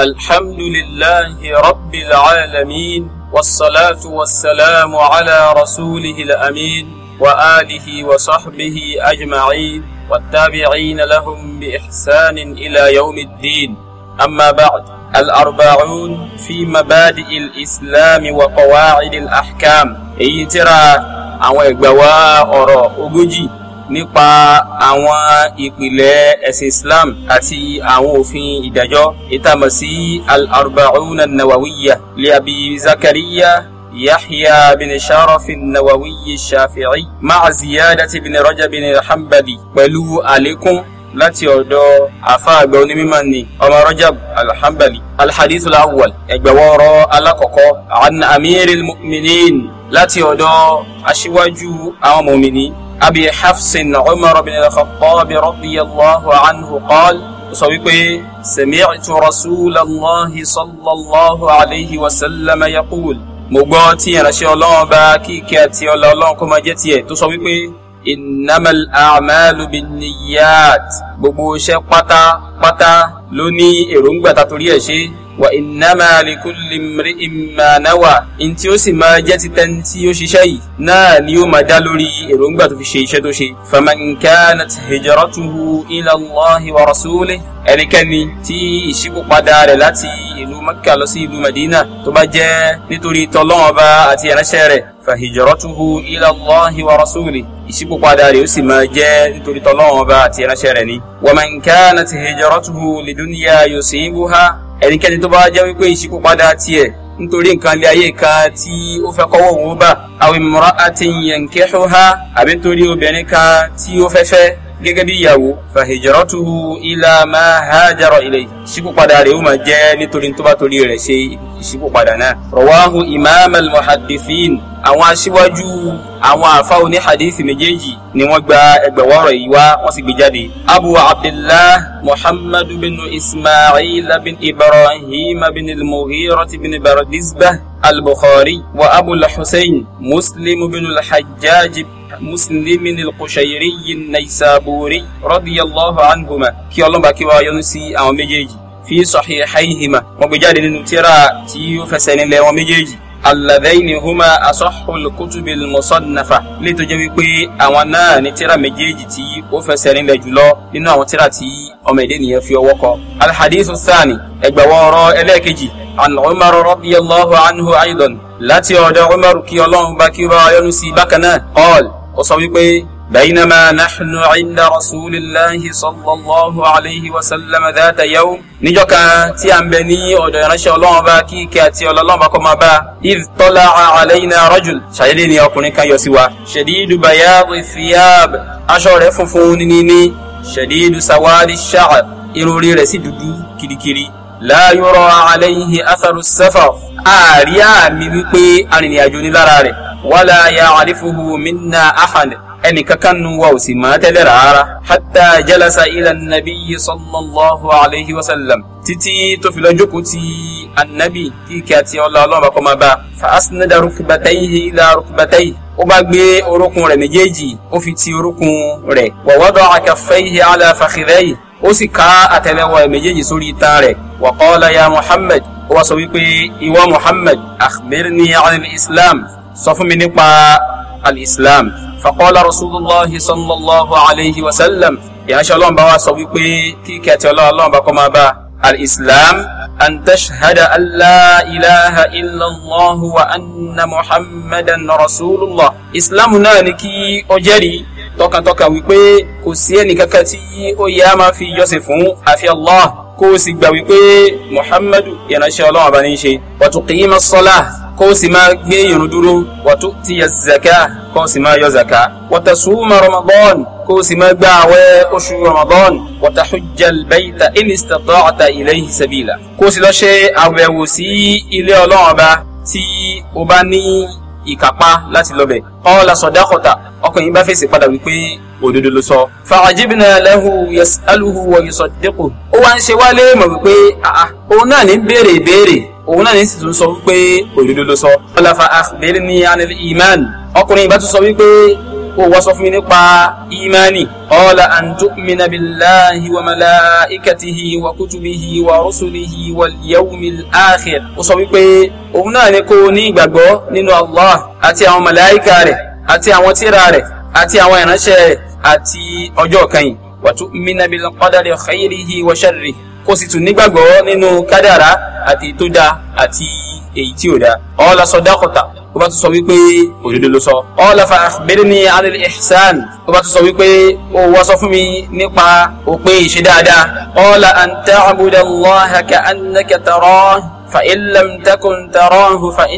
الحمد لله رب العالمين والصلاة والسلام على رسوله الأمين وآله وصحبه أجمعين والتابعين لهم بإحسان إلى يوم الدين أما بعد الأربعون في مبادئ الإسلام وقواعد الأحكام إيترا أو إغواء أورو أوجي nípa àwọn ìpìlẹ̀ ẹ̀sìn Islam àti àwọn òfin ìdájọ́ ìtàmọ̀ sí al-arba'una nawawiyya li abi zakariya يحيى بن شرف النووي الشافعي مع زيادة بن رجب الحنبلي pẹ̀lú àlékún láti ọ̀dọ̀ àfáàgbà onímọ̀ ni ọmọ rajab alhambali alhadith alawwal ẹgbẹ̀wọ́rọ̀ alákọ̀ọ́kọ́ an amir almu'minin láti ọ̀dọ̀ aṣíwájú àwọn mọ̀mìnì أبي حفص عمر بن الخطاب رضي الله عنه قال وصويبه سمعت رسول الله صلى الله عليه وسلم يقول مغوتي أنا شيء الله باكيكي أتي الله الله كما جتي تصويبه إنما الأعمال بالنيات gbogbo iṣẹ́ pátápátá ló ní èròǹgbà tá torí ẹ̀ ṣe wa innama likulli imri'in ma nawa in tí ó sì máa jẹ́ títẹ́ tí ó ṣiṣẹ́ yìí náà ni ó máa dá lórí èròǹgbà tó fi ṣe iṣẹ́ tó ṣe. faman kanat hijratuhu ila Allahi wa rasulihi ẹnikẹ́ni tí ìṣípòpadà rẹ̀ láti ìlú Mẹ́kà lọ sí ìlú Mẹ́dínà tó bá jẹ́ nítorí tọlọ́run àti ìránṣẹ́ rẹ̀ فهجرته إلى الله ورسوله يسيبوا قداري وسما جاء تريد الله باتي رشرني ومن كانت هجرته لدنيا يصيبها ẹnikẹ́ni tó bá jẹ́ wípé ìṣekúpadà tiẹ̀ nítorí nǹkan lé ayé kan tí ó fẹ́ kọ́wọ́ òun bá àwọn imra'atin yankihuha àbí nítorí obìnrin kan tí ó fẹ́ fẹ́ gẹ́gẹ́ bí ìyàwó fàhìjọ́rọ́tuhu ilà máa hájára ilẹ̀ ìṣípòpadà rẹ̀ ó máa jẹ́ nítorí tó bá torí rẹ̀ ṣe ìṣípòpadà náà. rọ̀wáhu imam al-muhaddifin àwọn aṣíwájú àwọn àfa oní hadithi méjèèjì ni wọ́n gba ẹgbẹ̀wọ́ ọ̀rọ̀ yìí wá wọ́n sì gbé jáde. abu abdullah muhammadu bin ismail bin ibrahim bin al bin baradisbah al-bukhari wa abu al muslim bin al-hajjaj muslim al-qushayri an-naysaburi radiyallahu anhuma kí ọlọ́mọba kí wàá yọ́nú sí àwọn méjèèjì fi sahihayhima wọ́n gbé jáde nínú tírà tí ó fẹsẹ̀ nílẹ̀ wọn méjèèjì alladhaini huma asahhul kutubil musannafa lè tó jẹ́ wípé àwọn náà ní tírà méjèèjì tí ó fẹsẹ̀ nílẹ̀ jùlọ nínú àwọn tírà tí ọmọ èdè nìyẹn fi ọwọ́ kọ. alhadithu sani ẹgbẹ̀wọ̀ ọ̀rọ̀ ẹlẹ́ẹ̀kejì an umar radiyallahu anhu aidan láti ọ̀dọ̀ umar kí ọlọ́run bá kí wọ́n ayọ́nu sí bákan náà all ó sọ wípé baynama nahnu inda rasulillahi sallallahu alayhi wa sallam dhata yawm. níjọ́ kan tí a ń bẹ ní ọ̀dọ̀ ìránṣẹ́ ọlọ́run bá kí ike àti ọlọ́run bá kọ́ máa bá idh tala'a alayna rajul ṣàyẹ́lẹ́ ni ọkùnrin kan yọ sí wa. shadidu bayadi thiyab aṣọ rẹ̀ funfun níní shadidu sawadi sha'r irun rẹ̀ sì dúdú kirikiri la alayhi atharu wala ya'rifuhu minna ahad ẹnì kankan nu wa ò sì máa tẹ́lẹ̀ rárá. hatta jalasa ila nabi sallallahu alayhi wa sallam títí tó fi lọ jókòó ti anabi kíkẹ́ àti ọlá ọlọ́run bá kọ́ máa bá a. fa asnada rukbatayhi ila rukbatayhi ó bá gbé orúnkún rẹ̀ méjèèjì ó fi ti orúnkún rẹ̀. wa wada'a kaffayhi ala fakhidhayhi ó sì ká àtẹ́lẹwọ́ méjèèjì sórí itan rẹ̀. wa qala ya muhammad ó wá sọ wípé ìwọ muhammad akhbirni 'an al-islam sọ fún mi nípa al-islam faqala rasulillah sallallahu alayhi wa sallam ìyáṣẹ́ ọlọ́run bá wa sọ wípé kí kẹtì ọlọ́run bá kọ́ máa bá al-islam an tashhada an la ilaha illallah wa anna muhammadan rasulullah islam náà ni kí ó jẹ́rìí tọkàntọkàn wípé kò sí ẹnìkankan tí ó yẹ a máa fi yọsìn fún àfi allah kó o sì gbà wípé muhammadu ìyànnáṣẹ́ ọlọ́run ní í ṣe wa tuqima as kó o sì máa gbé irun dúró wàtú ti yẹ zaka kó o sì máa yọ zaka wàtàsúmà ramadan kó o sì máa gba àwẹ̀ oṣù ramadan wàtàhujjal bayta in istata'ta ilayhi sabila kó o sì lọ ṣe àbẹ̀wò sí ilé ọlọ́run tí o bá ní ìkápá láti lọ bẹ̀. ọ̀la sọ̀dákọ̀tà ọkùnrin bá fèsì padà wípé òdodo ló sọ. fàájìbìnà lẹ́hu yẹsàlùhù wọ̀nyí sọ̀dẹ́kù. ó wá ń ṣe wálé mọ̀ wípé òun náà ní béèrè béèrè òun náà ní sì tún sọ wípé òdodo ló sọ. ọlọ́fà àgbélé ní anil iman ọkùnrin ìbá tún sọ wípé kó wá sọ fún mi nípa imani. ọ̀la àǹtó mina billahi wa malaikatihi wa kutubihi wa rusulihi wal yawmil akhir. ó sọ wípé òun náà ní kó ní ìgbàgbọ́ nínú Allah àti àwọn màláìka rẹ̀ àti àwọn tírà rẹ̀ àti àwọn ìránṣẹ́ rẹ̀ àti ọjọ́ kan yìí. wa tu'mina bil qadari khayrihi wa sharrihi ó sì tún nígbàgbọ́ nínú kádàrá àti tó dáa àti èyí tí ò dáa ọ̀la sọdákọ̀tà ó bá tún sọ wípé òdodo ló sọ ọ̀la fa akhbirni anil ihsan ó bá tún sọ wípé ó wá sọ fún mi nípa òpin ìṣe dáadáa ọ̀la an ta'budallaha ka'annaka tarahu fa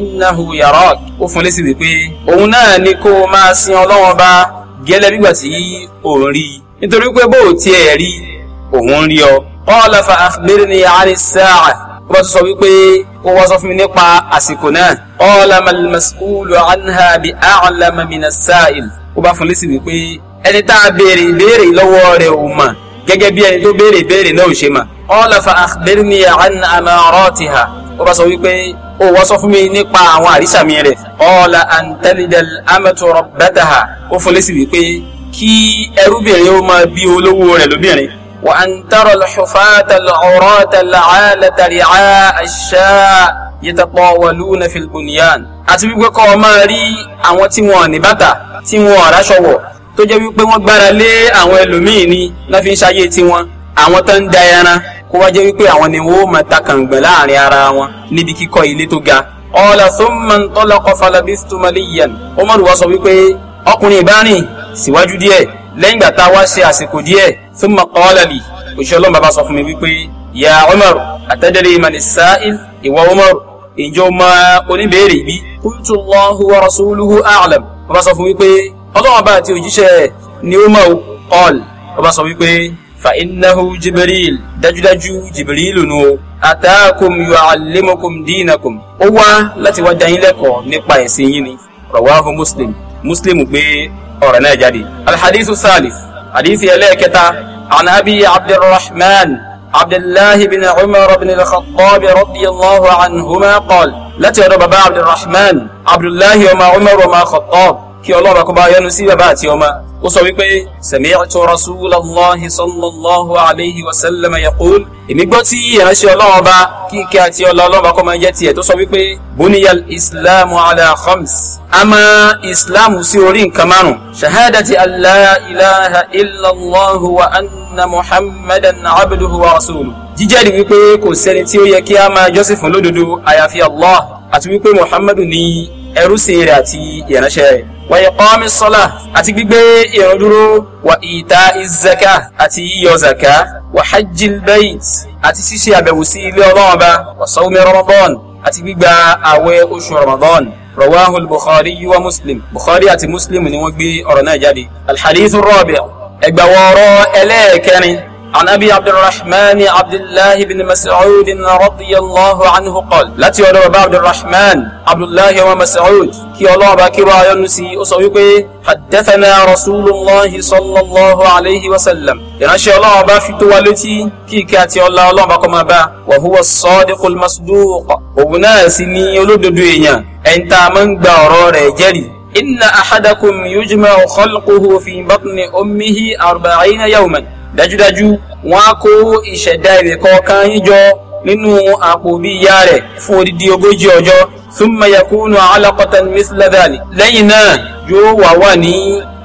in lam ó fún lésì wípé òun náà ni kó máa sin Ọlọ́run bá gẹ́lẹ́ bígbà tí òun rí i nítorí pé bó qala fa akhbirni ani as-sa'a ó bá tún sọ wípé kó wá sọ fún mi nípa àsìkò náà qala mal mas'ulu anha bi a'lama min as-sa'il ó bá fún lésì wípé ẹni tá a béèrè ìbéèrè lọ́wọ́ rẹ̀ ò mà gẹ́gẹ́ bí ẹni tó béèrè ìbéèrè náà ò ṣe mà qala fa akhbirni an amaratiha ó bá sọ wípé ó wá sọ fún mi nípa àwọn àrísàmì rẹ̀ qala an talidal amatu rabbataha ó fún lésì wípé kí ẹrúbìnrin ó máa bí olówó rẹ̀ lóbìnrin وأن ترى الحفاة العراة العالة رعاء الشاء يتطاولون في البنيان àti wípé kọ́ ọ máa rí àwọn tí wọn ní bàtà tí wọn ọ̀rá ṣọwọ̀ tó jẹ́ wípé wọ́n gbára lé àwọn ẹlòmíín ni lọ́ fi ń ṣayé tiwọn àwọn tó ń da ẹran kó wá jẹ́ wípé àwọn ni wọ́n máa ta kàǹgbẹ̀ láàrin ara wọn níbi kíkọ́ ilé tó ga. ọ̀la thumma intalaqa falabistu maliyan Umaru wá sọ wípé ọkùnrin ìbárìn síwájú díẹ̀ lẹ́yìn ìgbà tá a wá ṣe àsìkò díẹ̀ thumma qala li òṣìṣẹ́ ọlọ́run bàbá sọ fún mi wípé ya Umar atadri man as-sa'il ìwà Umar ìjọ ma oníbèrè ibi qultu Allahu wa rasuluhu a'lam bàbá sọ fún wípé ọlọ́run bá àti òjíṣẹ́ ni ó mọ̀ qal bàbá sọ wípé fa jibril dájúdájú jibril nu o ataakum yu'allimukum dinakum ó wá láti wá dá lẹ́kọ̀ọ́ nípa ẹ̀sìn yín ni rawahu muslim muslim gbé ọ̀rọ̀ náà jáde. alhadisu salis hadisi ẹlẹ́ẹ̀kẹta an abi abdulrahman abdullahi bin umar bin al-khattab radiyallahu anhuma qal láti ọ̀dọ̀ baba abdulrahman abdullahi ọmọ umar ọmọ khattab kí ọlọ́run kó bá yọ́nú sí bàbá àti ọmọ ó sọ wípé sami'tu rasulallahi sallallahu alayhi wa sallam yaqul èmi gbọ́ tí ìránṣẹ́ ọlọ́run ọba kíkẹ́ àti ọlọ́run kó máa jẹ́ tiẹ̀ tó sọ wípé buniyal islamu ala khams ama islamu sí orí nǹkan márùn shahadati alla ilaha illallah wa anna muhammadan abduhu wa rasuluhu jíjẹ́rìí wípé kò sẹ́ni tí ó yẹ kí a máa jọ́sìn fún lódodo àyàfi allah àti wípé muhammadu ni ẹrú sí rẹ̀ àti ìránṣẹ́ rẹ̀ wa iqami sọ́là àti gbígbé ìrun dúró wa ita'i zaka àti yíyọ zaka wa hajjil bayt àti ṣíṣe àbẹ̀wò sí ilé ọlọ́run ba wa sawmi ramadan àti gbígba àwẹ̀ oṣù ramadan rawahu bukhari wa muslim bukhari àti muslim ni wọ́n gbé ọ̀rọ̀ náà jáde alhadithu rabi' ẹgbàwọ̀rọ̀ ẹlẹ́ẹ̀kẹrin عن أبي عبد الرحمن عبد الله بن مسعود رضي الله عنه قال لا تيولى عبد الرحمن عبد الله ومسعود كي الله باكرا ينسي أسويك حدثنا رسول الله صلى الله عليه وسلم ينشي الله أبا في توالتي كي كاتي الله الله باكم با وهو الصادق المصدوق وبناس ني يولد دوينيا أنت من بارور جري إن أحدكم يجمع خلقه في بطن أمه أربعين يوما dájúdájú wọn á kó ìṣẹ̀dá èrè kọ̀ọ̀kan yín jọ nínú àpò bí ìyá rẹ̀ fún odidi ogójì ọjọ́ thumma yakunu alaqatan misla dhalik lẹ́yìn náà yóò wà wà ní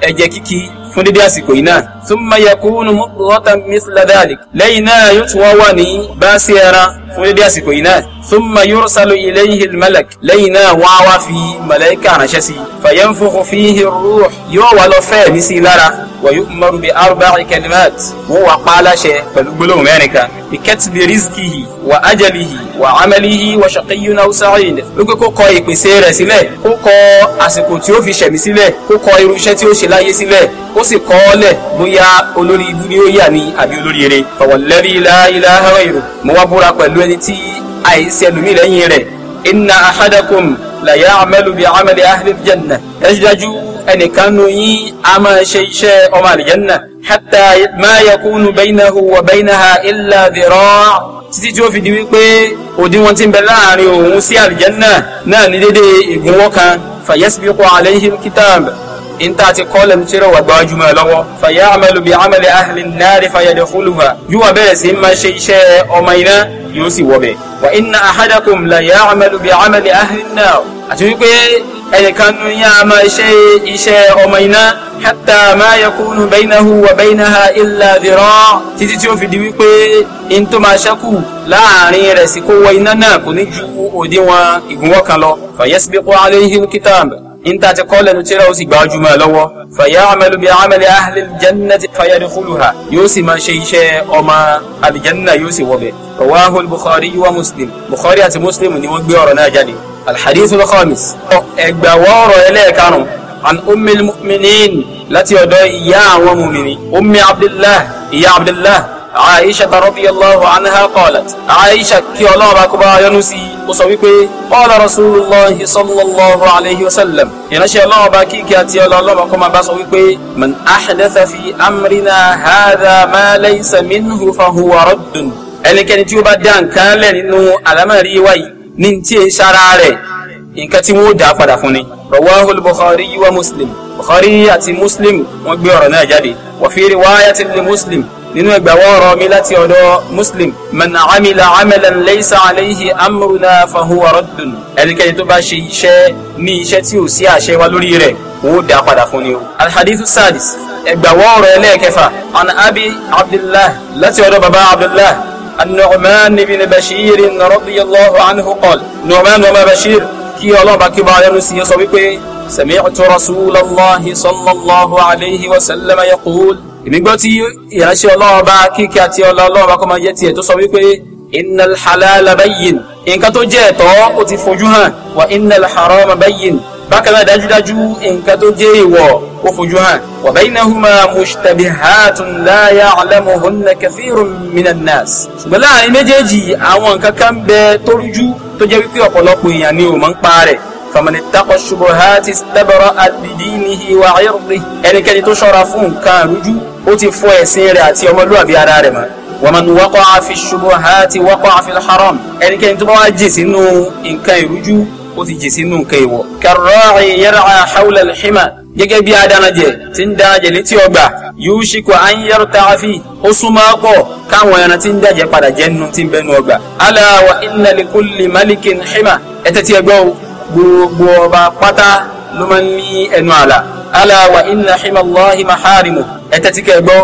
ẹ̀jẹ̀ kíkì fún dídí àsìkò yìí náà ثم يكون مضغة مثل ذلك لينا يتواني باسيرا فولدياسي كوينا ثم يرسل إليه الملك لينا واوا في ملائكة نشسي فينفخ فيه الروح يو لفا مسيلارا ويؤمر بأربع كلمات وقال شيء فلقبلوا مانكا بكتب رزقه وأجله وعمله وشقي أو سعيد lókè kó kọ ìpèsè rẹ̀ sílẹ̀ kó kọ àsìkò tí ó fi ṣẹ̀mí sílẹ̀ kó bóyá olórí ibú ni ó yà ní àbí olórí eré fọwọ́lẹ́rì láìlá ẹ̀rọ mo wá búra pẹ̀lú ẹni tí àìsí ẹlòmíì lẹ́yìn rẹ̀ inna ahadakum la ya'malu bi 'amali ahli al-jannah dájúdájú ẹnìkan nu yín a máa ṣe iṣẹ́ ọmọ àlìjẹ́nà hatta ma yakunu baynahu wa baynaha illa dhira' títí tí ó fi di wípé òdiwọ̀n tí ń bẹ láàrin òun sí àlìjẹ́nà náà ní dédé ìgúnwọ́ kan fayasbiqu alayhi al-kitab inta ti kọ́ lẹ́nu tí rẹ̀ wà gbájú mọ́ ẹ lọ́wọ́. fàyà amalu bi amali ahli nari fayadé kúlùwà yóò bẹ̀rẹ̀ sí máa ṣe iṣẹ́ ọmọ iná yóò sì wọbẹ̀. wa inna ahadakum la yà amalu bi amali ahli nari. àti wípé ẹnìkan nu yà á máa ṣe iṣẹ́ ọmọ iná hatta ma yakunu bainahu wa bainaha illa dhira títí tí ó fi di wípé in tó máa ṣẹ́kù láàrin rẹ̀ sí kó wọ iná náà kò ní ju òdiwọ̀n ìgúnwọ́ kan lọ. fa yasbiqu alayhi alkitab níta ti kọ́ lẹ́nu tíra ó sì gba ọjọ́ mọ́ lọ́wọ́ fàyà amẹ́lu bíi amẹ́lẹ́ ahlẹ́ jẹ́nẹ́tì fàyà ní kúlùhà yóò sì máa ṣe iṣẹ́ ọmọ alìjẹ́nà yóò sì wọbẹ̀ rawahu bukhari wa muslim bukhari àti muslim ni wọ́n gbé ọ̀rọ̀ náà jáde alhadith al-khamis ẹgbà wọ́ọ̀rọ̀ ẹlẹ́ẹ̀karùn an ummi muminin láti ọ̀dọ̀ ìyá àwọn mùmìnì ummi abdullah ìyá abdullah عائشة رضي الله عنها قالت عائشة كي الله باكبا ينسي وصويبي قال رسول الله صلى الله عليه وسلم ينشي الله باكي كاتي الله باكما باصويبي من أحدث في أمرنا هذا ما ليس منه فهو رد ẹnikẹ́ni tí ó bá dá nǹkan lẹ̀ nínú àlámọ̀rí wáyé ní tí ì sára rẹ̀ nǹkan tí wọ́n dá padà fún ni. rawahul bukhari wa muslim bukhari àti muslim wọ́n gbé ọ̀rọ̀ náà jáde wa fi riwayatin li muslim nínú ẹgbà wọ́ọ̀rọ̀ mi láti ọ̀dọ̀ muslim man amila amalan laysa alayhi amruna fahuwa raddun ẹnikẹ́ni tó bá ṣe iṣẹ́ ní iṣẹ́ tí ò sí àṣẹ wa lórí rẹ̀ ó dá padà fún ni o. alhadithu sadis ẹgbà wọ́ọ̀rọ̀ ẹlẹ́ẹ̀kẹfà an abi abdullah láti ọ̀dọ̀ baba abdullah النعمان بن بشير رضي الله عنه قال نعمان وما بشير كي الله بكي بعير سيصبي سمعت رسول الله صلى الله عليه وسلم يقول èmi gbọ́ tí ìránṣẹ́ ọlọ́wọ́ bá kíkẹ́ àti ọlọ́wọ́ bá kọ́ máa yẹ tiẹ̀ tó sọ wípé innal halala bayyin nǹkan tó jẹ́ ẹ̀tọ́ ó ti fojú hàn wa innal harama bayyin bákan náà dájúdájú nǹkan tó jẹ́ ìwọ̀ ó fojú hàn wa baynahuma mushtabihatun la ya'lamuhunna kathirun minan nas. ṣùgbọ́n láàrin méjèèjì àwọn nǹkan kan bẹ tó rújú tó jẹ́ wípé ọ̀pọ̀lọpọ̀ èèyàn ni ò mọ̀ ń pa rẹ̀ فمن اتقى الشبهات استبرأ بدينه وعرضه ẹnikẹ́ni tó ṣọ́ra fún nǹkan àrújú ó ti fọ ẹ̀sìn rẹ̀ àti ọmọlúwàbí ara rẹ̀ mọ́ ومن وقع في الشبهات وقع في الحرام ẹnikẹ́ni tó bá wá jì sínú nǹkan ìrújú ó ti jì sínú nǹkan ìwọ̀. كالراعي يرعى حول الحمى gẹ́gẹ́ bí adanajẹ tí ń danajẹ létí ọgbà yushiku an yarta'a fi ó súnmọ́ pọ̀ káwọn ẹran tí ń dàjẹ́ padà jẹ́ nínú tí ń ala wa inna likulli malikin hima ẹ tẹ́tí ẹ gbogbo ọba pátá ló máa ń ní ẹnu àlà ala wa inna himallahi maharimu ẹ̀tẹ́ tí kẹ́ gbọ́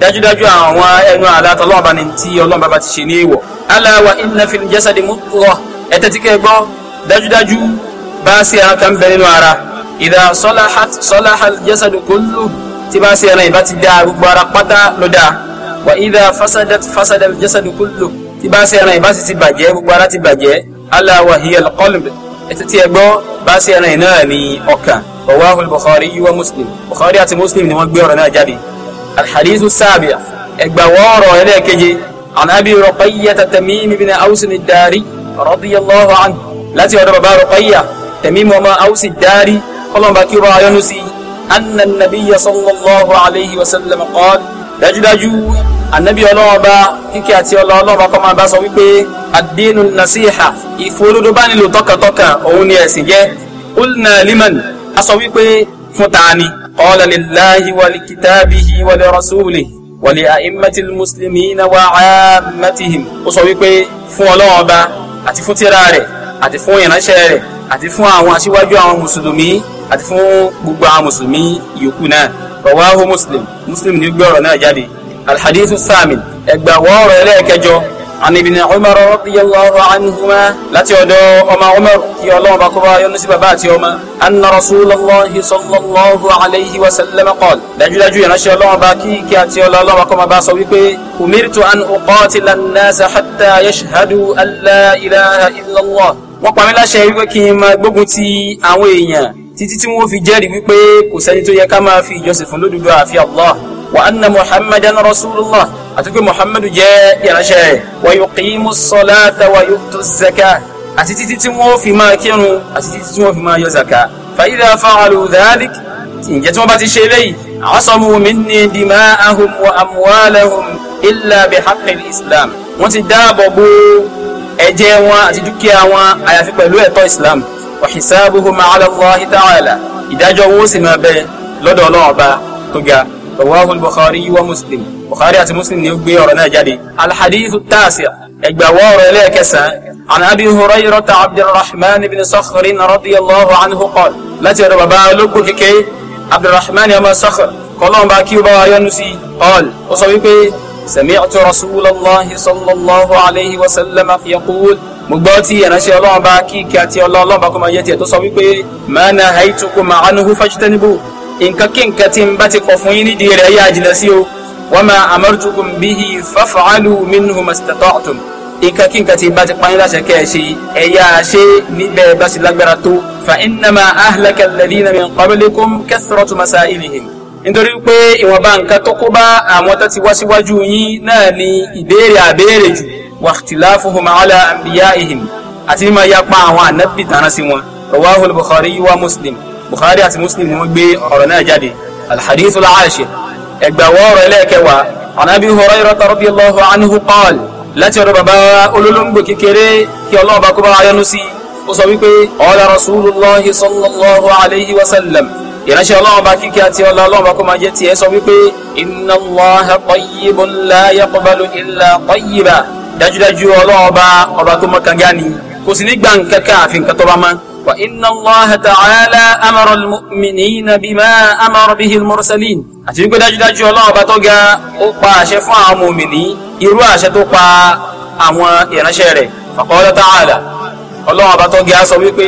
dájúdájú àwọn ẹnu àlà tọ́lọ́ọ̀bá ni tí ọlọ́ọ̀bá bá ti ṣe ní èèwọ̀ ala wa inna fil jasadi mudghah ẹ̀tẹ́ tí kẹ́ gbọ́ dájúdájú bá sí ẹran kan bẹ nínú ara idha salahat salaha al jasadu kullu tí bá sí ẹran ìbá ti dá gbogbo ara pátá ló dá wa idha fasadat fasada al jasadu kullu tí bá sí ẹran ìbá sì ti bàjẹ́ gbogbo ara ti bàjẹ́ ala wa hiya ẹtí tí ẹ gbọ́ bá sí ẹran náà ní ọkàn ọwọ́ Bukhari yíwọ́ Muslim Bukhari àti Muslim ni wọ́n gbé ọ̀rọ̀ náà jáde alhadizu sábìà ẹgbàwọ́ ọ̀rọ̀ ẹlẹ́ẹ̀keje عن أبي رقية تميم بن أوس الداري رضي الله عنه láti ọ̀dọ̀ bàbá Ruqayya Tamim ọmọ Awsi Dari kọ́lọ́n kí rọ ayọ́nu sí anna nabiyya sallallahu alayhi wa sallam qala dájúdájú anabi ọlọ́wọ́ kíkẹ́ àti ọlọ́wọ́ kọ́ máa bá sọ wípé ad-dinu nasiha ìfòdodobanilò tọkàntọkàn òun ni ẹ̀sìn jẹ́ ulna liman a sọ wípé fún taani qala lillahi wa likitabihi wa lirasulihi wa li a'immatil muslimina wa 'ammatihim ó sọ wípé fún ọlọ́wọ́n ọba àti fún tírà rẹ̀ àti fún ìránṣẹ́ rẹ̀ àti fún àwọn aṣíwájú àwọn mùsùlùmí àti fún gbogbo àwọn mùsùlùmí yòókù náà rawahu muslim muslim ní gbé náà jáde alhadithu samin ẹgbàwọ́ ọ̀rọ̀ ẹlẹ́ẹ̀kẹjọ عن ابن عمر رضي الله عنهما لا تيودو أما عمر يولو بكبا يونس ببات يوما أن رسول الله صلى الله عليه وسلم قال دجو دجو ينشي الله باكي كي أتي الله بكما باسو أمرت أن أقاتل الناس حتى يشهدوا أن لا إله إلا الله wọ́n pa mí láṣẹ wípé kí n máa gbógun ti àwọn èèyàn títí tí wọ́n fi jẹ́rìí wípé kò sẹ́ni tó yẹ ká máa fi ìjọsìn fún lódodo àfi Allah wa anna muhammadan rasulullah àti pé muhammadu jẹ́ ìránṣẹ́ rẹ̀ wàyò kìímù sọláàtà wàyò tó zaka àti títí tí wọ́n fi máa kírun àti títí tí wọ́n fi máa yọ zaka fàyídà fáwọn dhalik ǹjẹ́ tí wọ́n bá ti ṣe eléyìí àwọn sọmọ omi ní dìmá ahùn wa amúhálẹ́hùn ilà bí haqqil islam wọ́n ti dáàbò bo ẹ̀jẹ̀ wọn àti dúkìá wọn àyàfi pẹ̀lú ẹ̀tọ́ islam wa hisabuhum ala Allahi ta'ala ìdájọ́ wo sì máa bẹ lọ́dọ̀ ọlọ́run tó ga rawahu al-bukhari wa muslim bukhari àti muslim ni ó gbé ọ̀rọ̀ náà jáde. alhadithu taasi ẹgbàwọ́ ọ̀rọ̀ ẹlẹ́ẹ̀kẹsàn-án عن أبي هريرة عبد الرحمن بن صخر رضي الله عنه قال لا ترى بابا لوكو كيكي عبد الرحمن يا صخر قال ما كيو ينسي قال وصبيبي سمعت رسول الله صلى الله عليه وسلم يقول مغباتي انا شي الله باكي كاتي الله الله باكم ايتي تو ما نهيتكم عنه فاجتنبوه nǹkan kí nǹkan tí n bá ti kọ̀ fún yín nídìí rẹ̀ yá jìnnà sí o wama amartukum bihi faf'alu minhu mastata'tum nǹkan kí nǹkan tí n bá ti pààyàn láṣẹ kẹ́ ẹ ṣe yá a ṣe níbẹ̀ bá ti lágbára tó fa innama ahlaka alladhina min qablikum kathratu masailihim nítorí pé ìwọ̀nba nǹkan tó kó bá àwọn tó ti wá síwájú yín náà ni ìbéèrè àbéèrè jù واختلافهم على bukhari àti muslim wọ́n gbé ọ̀rọ̀ náà jáde alhadith al-ashir ẹgbàwọ ọ̀rọ̀ ẹlẹ́ẹ̀kẹwàá anabi hurayrata radiyallahu anhu qaal láti ọ̀dọ̀ bàbá olólùgbò kékeré kí ọlọ́ọ̀bá kó bá ayọ́nu sí ó sọ wípé ọ̀la rasulullahi sallallahu alayhi wa sallam ìránṣẹ́ ọlọ́ọ̀bá kíkẹ́ àti ọlá ọlọ́ọ̀bá kó máa jẹ́ tiẹ̀ sọ wípé inna allaha tayyibun la yaqbalu illa tayyiba dájúdájú ọlọ́ọ̀bá ọba tó mọ́ kangá ni kò sì ní gbà àfi nǹkan tó bá máa وإن الله تعالى أمر المؤمنين بما أمر به المرسلين àti wípé dájúdájú ọlọ́run ọba tó ga ó pa àṣẹ fún àwọn mòmìnì irú àṣẹ tó pa àwọn ìránṣẹ́ rẹ̀ faqala ta'ala ọlọ́run ọba tó ga sọ wípé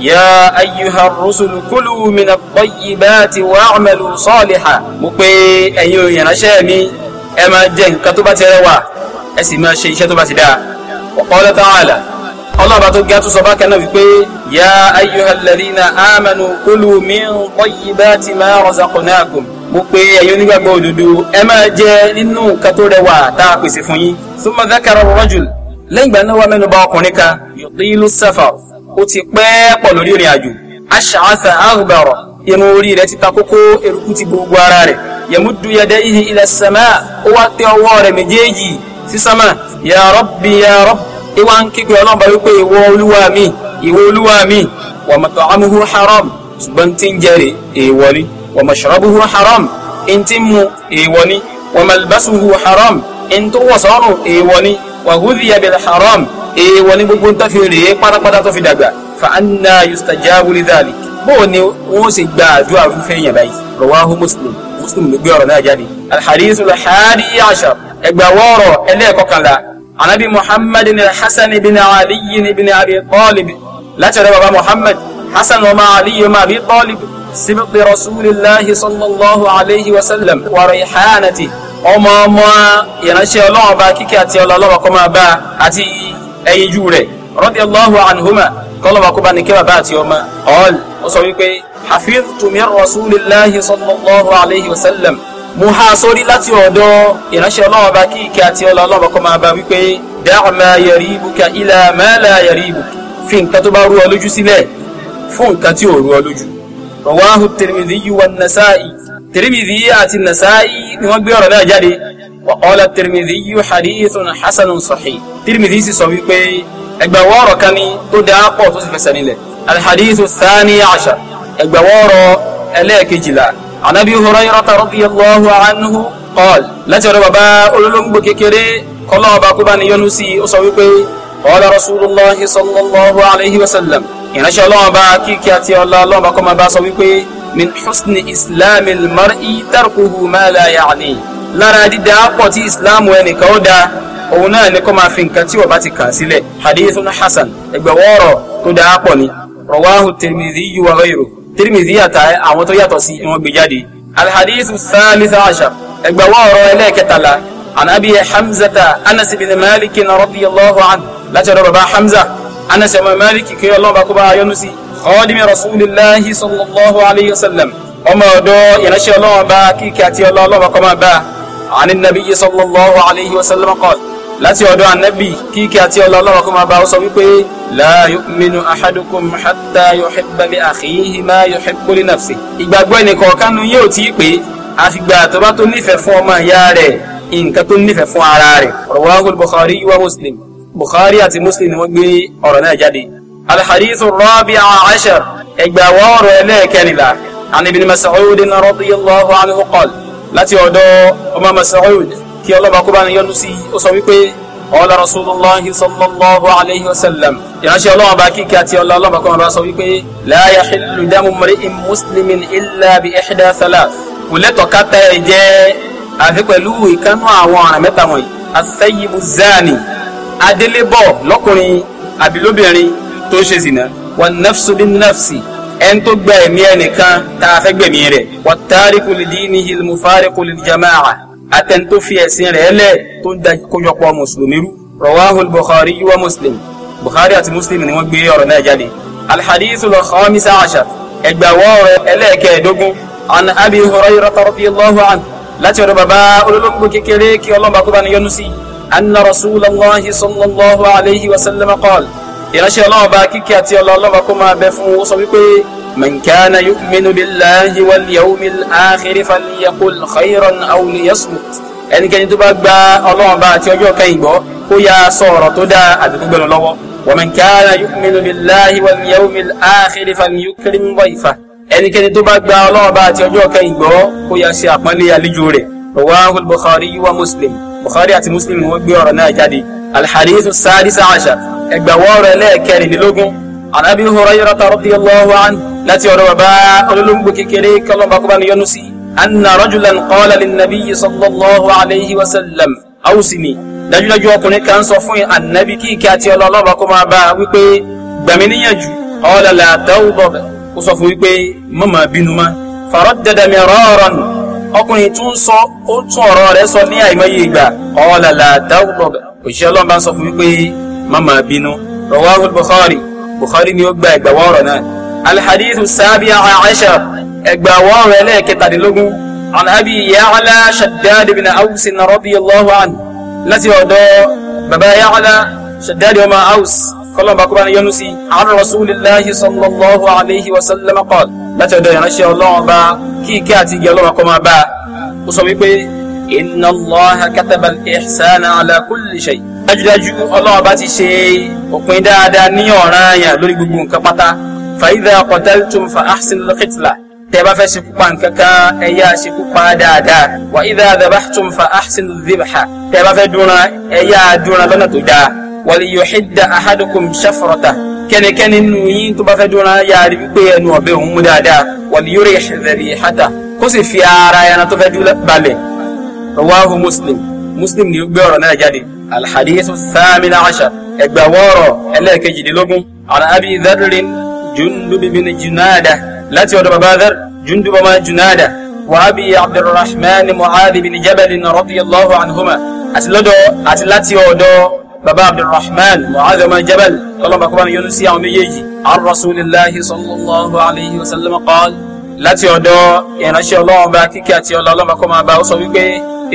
ya ayyuha rusulu kulu mina tayyibati wa'malu salihan mo pé ẹ̀yin ìránṣẹ́ mi ẹ máa jẹ nǹkan tó bá ti rẹwà ẹ sì máa ṣe iṣẹ́ tó bá ti dáa faqala ta'ala ọlọ́ọ̀bá tó gẹ́ àtúnṣọ bákan náà wípé ya ayyuhal ladhina amanu kulu min tayyibati ma razaqnakum mo pé ẹ̀yin onígbàgbọ́ òdodo ẹ máa jẹ nínú nǹkan tó rẹwà tá a pèsè fún yín thumma dhakara rajul lẹ́yìn ìgbà náà wá mẹ́nu bà ọkùnrin kan yutilu safar ó ti pẹ́ pọ̀ lórí ìrìn àjò ash'atha aghbara irun orí rẹ̀ ti ta kókó eruku ti gbogbo ara rẹ̀ yamuddu yadayhi ila as-sama' ó wá tẹ ọwọ́ rẹ̀ méjèèjì sí sánmà ya rabbi ìwà ń kígbe ọlọ́mọba wípé ìwọ olúwa mi ìwọ olúwa mi wa mat'amuhu haram ṣùgbọ́n tí ń jẹrè èèwọ̀ ni wa mashrabuhu haram ń tí ń mu èèwọ̀ ni wa haram ń tó wọ̀ sọ́rùn èèwọ̀ ni wa ghudhiya haram èèwọ̀ ni gbogbo tó fi rèé pátápátá tó fi dàgbà fa anna yustajabu li dhalik bóò ni wọ́n sì gba àdúrà rúfẹ́ yẹn báyìí rawahu muslim muslim ló gbé ọ̀rọ̀ náà jáde alhadisu alhadi ashar ẹgbàwọ́ ọ̀rọ̀ ẹlẹ́ẹ̀kọkànlá anabi muhammad bin hasan bin ali bin abi talib látọ̀dọ̀ baba muhammad hasan ọmọ ali ọmọ abi talib sibiti rasulillahi sallallahu alayhi wa sallam wa rihanati ọmọ ọmọ ìránṣẹ́ ọlọ́run bá kíkẹ́ àti ọlọ́run kọ́ máa bá àti ẹyinjú rẹ̀ radiyallahu anhuma kọ́lọ́ba kó bá ní kí bàbá àti ọmọ ọ̀l ó sọ wípé hafidhtu min rasulillahi sallallahu alayhi wa sallam mo há sórí láti ọ̀dọ̀ ìránṣẹ́ ọlọ́run ọba kí ìkẹ́ àti ọlọ́ ọlọ́run ọkọ máa bá wípé dáàmà yẹrí ibùkà ilà mẹ́là yẹrí ibùkà fi nǹkan tó bá rú ọ lójú sílẹ̀ fún nǹkan tí ò rú ọ lójú. rọwáhù tìrìmìdì yìí wà nàṣáì tìrìmìdì àti nàṣáì ni wọ́n gbé ọ̀rọ̀ náà jáde wà ọ́lá tìrìmìdì yìí hadithun hasanun sahih tìrìmìdì sì sọ wípé ẹgbàwọ́ kan ni tó dáa pọ̀ tó sì fẹsẹ̀ nílẹ̀ alhadithu عن أبي هريرة رضي الله عنه قال لتر بابا أولم بككري قال أباكو بني ينسي أصويبي قال رسول الله صلى الله عليه وسلم إن شاء الله أباكي كاتي الله الله أباكو ما بأصويبي من حسن إسلام المرء تركه ما لا يعني لا dídá pọ̀ tí islam ẹnìkan ó dáa òun náà ni kó máa fi nǹkan tí wọ́n ti kà sílẹ̀ hadithun hasan ẹgbẹ̀wọ́ọ̀rọ̀ tó dáa pọ̀ ni rawahu tirmidhi wa ghayruhu tirimizi yàtà àwọn tó yàtọ̀ sí wọn gbé jáde alhadisu salisa ashar ẹgbẹ̀wọ́ ọ̀rọ̀ ẹlẹ́ẹ̀kẹtàlá anabi hamzata anas bin malik radiyallahu anhu láti ọ̀dọ̀ baba hamza anas ọmọ malik kí ọlọ́run bá kó bá yọ́nú sí khadimi rasulillahi sallallahu alayhi wa sallam ọmọ ọ̀dọ̀ ìránṣẹ́ ọlọ́run bá kíkẹ́ àti ọlọ́run bá kọ́ máa bá àní nàbíyí sallallahu alayhi wa sallam qala láti ọ̀dọ̀ ànábì kíkí àti ọlọ́lọ́wọ́ kó máa bá ọ sọ wípé la yu'minu ahadukum hatta yuhibba li akhihi ma yuhibbu li nafsi. ìgbàgbọ́ ẹnìkọ̀ọ̀kan nu yóò ti pé àfìgbà tó bá tó nífẹ̀ẹ́ fún ọmọ ìyá rẹ̀ nǹkan tó nífẹ̀ẹ́ fún ara rẹ̀. rawahul bukhari wa muslim bukhari àti muslim ni wọ́n gbé ọ̀rọ̀ náà jáde. alhadithu rabi'a kí ọlọ́ba kó bá ní yọ́nú sí ó sọ wípé ọ̀la rasulillah sallallahu alayhi wa sallam ìránṣẹ́ ọlọ́wọ́n bá kíkẹ́ àti ọlá ọlọ́ba kó bá sọ wípé la yahillu damu mri'in muslimin illa bi ihda thalath kò lẹ́tọ̀ọ́ ká tẹ ẹ̀jẹ̀ àfi pẹ̀lú ìkánú àwọn ọ̀ràn mẹ́ta wọ̀nyí asẹ́yìnbù zani adélébọ̀ lọ́kùnrin àbí lóbìnrin tó ṣe zina wà nafsu bí nafsi ẹni tó gba ẹnìkan tá gbẹ̀mí rẹ̀ wà tàríkù lìdí ní hilmufari kò lìdí jamaa atẹni tó fi ẹ̀sìn rẹ̀ lẹ̀ tó ń da kójọpọ̀ mùsùlùmí rú rawahul bukhari wa muslim bukhari àti muslim ni wọ́n gbé ọ̀rọ̀ náà jáde alhadithu lọ khamisa ashar ẹgbàwọ́ ọ̀rọ̀ ẹlẹ́ẹ̀kẹ́ẹ̀dógún an abi hurayrata radiyallahu anhu láti ọ̀dọ̀ bàbá olólùgbò kékeré kí ọlọ́mọba kó bá ní sí anna rasulallah sallallahu alayhi wa sallam qaal ìránṣẹ́ ọlọ́run bá kíkẹ́ àti ọlọ́run bá kó máa bẹ fún ó sọ wípé man kana yu'minu billahi wal yawmil akhir falyaqul khayran aw liyasmut ẹnikẹ́ni tó bá gba ọlọ́run bá àti ọjọ́ kan ìgbọ́ kó yá sọ ọ̀rọ̀ tó dáa àti tó gbẹnu lọ́wọ́ wa man kana yu'minu billahi wal yawmil akhir falyukrim dayfah ẹnikẹ́ni tó bá gba ọlọ́run bá àti ọjọ́ kan ìgbọ́ kó yá ṣe àpọ́nlé bukhari àti muslim wọ́n gbé ọ̀rọ̀ náà jáde alhadithu sadisa ashar ẹgbàwọ́ ọ̀rọ̀ ẹlẹ́ẹ̀kẹrìnlélógún anabi hurayra radiyallahu anhu láti ọ̀rọ̀ bàbá olólùgbò kékeré kọlọ́mbà kó bá ní yọnu sí anna rajulan qala lin nabiyyi sallallahu alayhi wa sallam awsini dájúdájú ọkùnrin kan sọ fún anabi kí ìkẹ́ àti ọlọ́ọ̀bà kó máa bá wípé gbàmí níyànjú qala la kó sọ fún wípé má máa bínú má faradada miraran ọkùnrin tún ń sọ ó tún ọ̀rọ̀ rẹ̀ sọ ní àìmọye ìgbà ọ̀làlà dáwùbọ̀gà òṣìṣẹ́ ọlọ́run bá ń sọ fún mi pé má máa bínú rawahu bukhari bukhari ni ó gba ẹgbàwọ́ ọ̀rọ̀ náà alhadithu sábíà aisha ẹgbàwọ́ ọ̀rọ̀ ẹlẹ́ẹ̀kẹtàdínlógún an abi yaala shaddad bin aus radiyallahu anhu láti ọ̀dọ̀ baba yaala shaddad ọmọ aus kọlọ́n bá kúrò ní yọnu sí rasulillahi sallallahu alayhi wa sallam qala láti ọ̀dọ̀ ìránṣẹ́ ọlọ́run bá kí ike àti igi ọlọ́run kọ́ máa bá a ó sọ wípé inna Allaha kataba al-ihsana ala kulli shay. dájúdájú ọlọ́run bá ti ṣe òpin dáadáa ní ọ̀ràn àyàn lórí gbogbo nǹkan pátá fa idha qataltum fa ahsinul qitla tẹ́ bá fẹ́ ṣekú pa nǹkan kan ẹ yá ṣekú pa dáadáa wa idha dhabhtum fa ahsinul dhibha tẹ́ bá fẹ́ dúnra ẹ yá dúnra lọ́nà tó dáa wal yuhidda ahadukum shafratahu kẹ́nikẹ́ni nínú yín tó bá fẹ́ dúró náà yára rí wípé ẹnu ọ̀bẹ òun mú dáadáa wàlí yóò rí ẹ̀ṣẹ̀dẹ̀rì hátà kó sì fi ara ẹran tó fẹ́ dúró balẹ̀ rawahu muslim muslim ni ó gbé ọ̀rọ̀ náà jáde alhadithu thamina ashar ẹgbà wọ́ọ̀rọ̀ ẹlẹ́ẹ̀kejìdínlógún àwọn abi dharrin jundub bin junada láti ọ̀dọ̀ baba dhar jundub junada wa abi abdulrahman mu'adh bin jabal radiyallahu anhuma àti lọ́dọ̀ àti láti ọ̀dọ̀ baba abdulrahman mu'adama jabal tọ́lọ́mà kọ́ba ni yọ́nú sí àwọn méjèèjì arrasulillahi sallallahu alayhi wa sallam qaal láti ọ̀dọ̀ ìránṣẹ́ ọlọ́run bá kíkẹ́ àti ọlọ́run kọ́ máa bá ó sọ wípé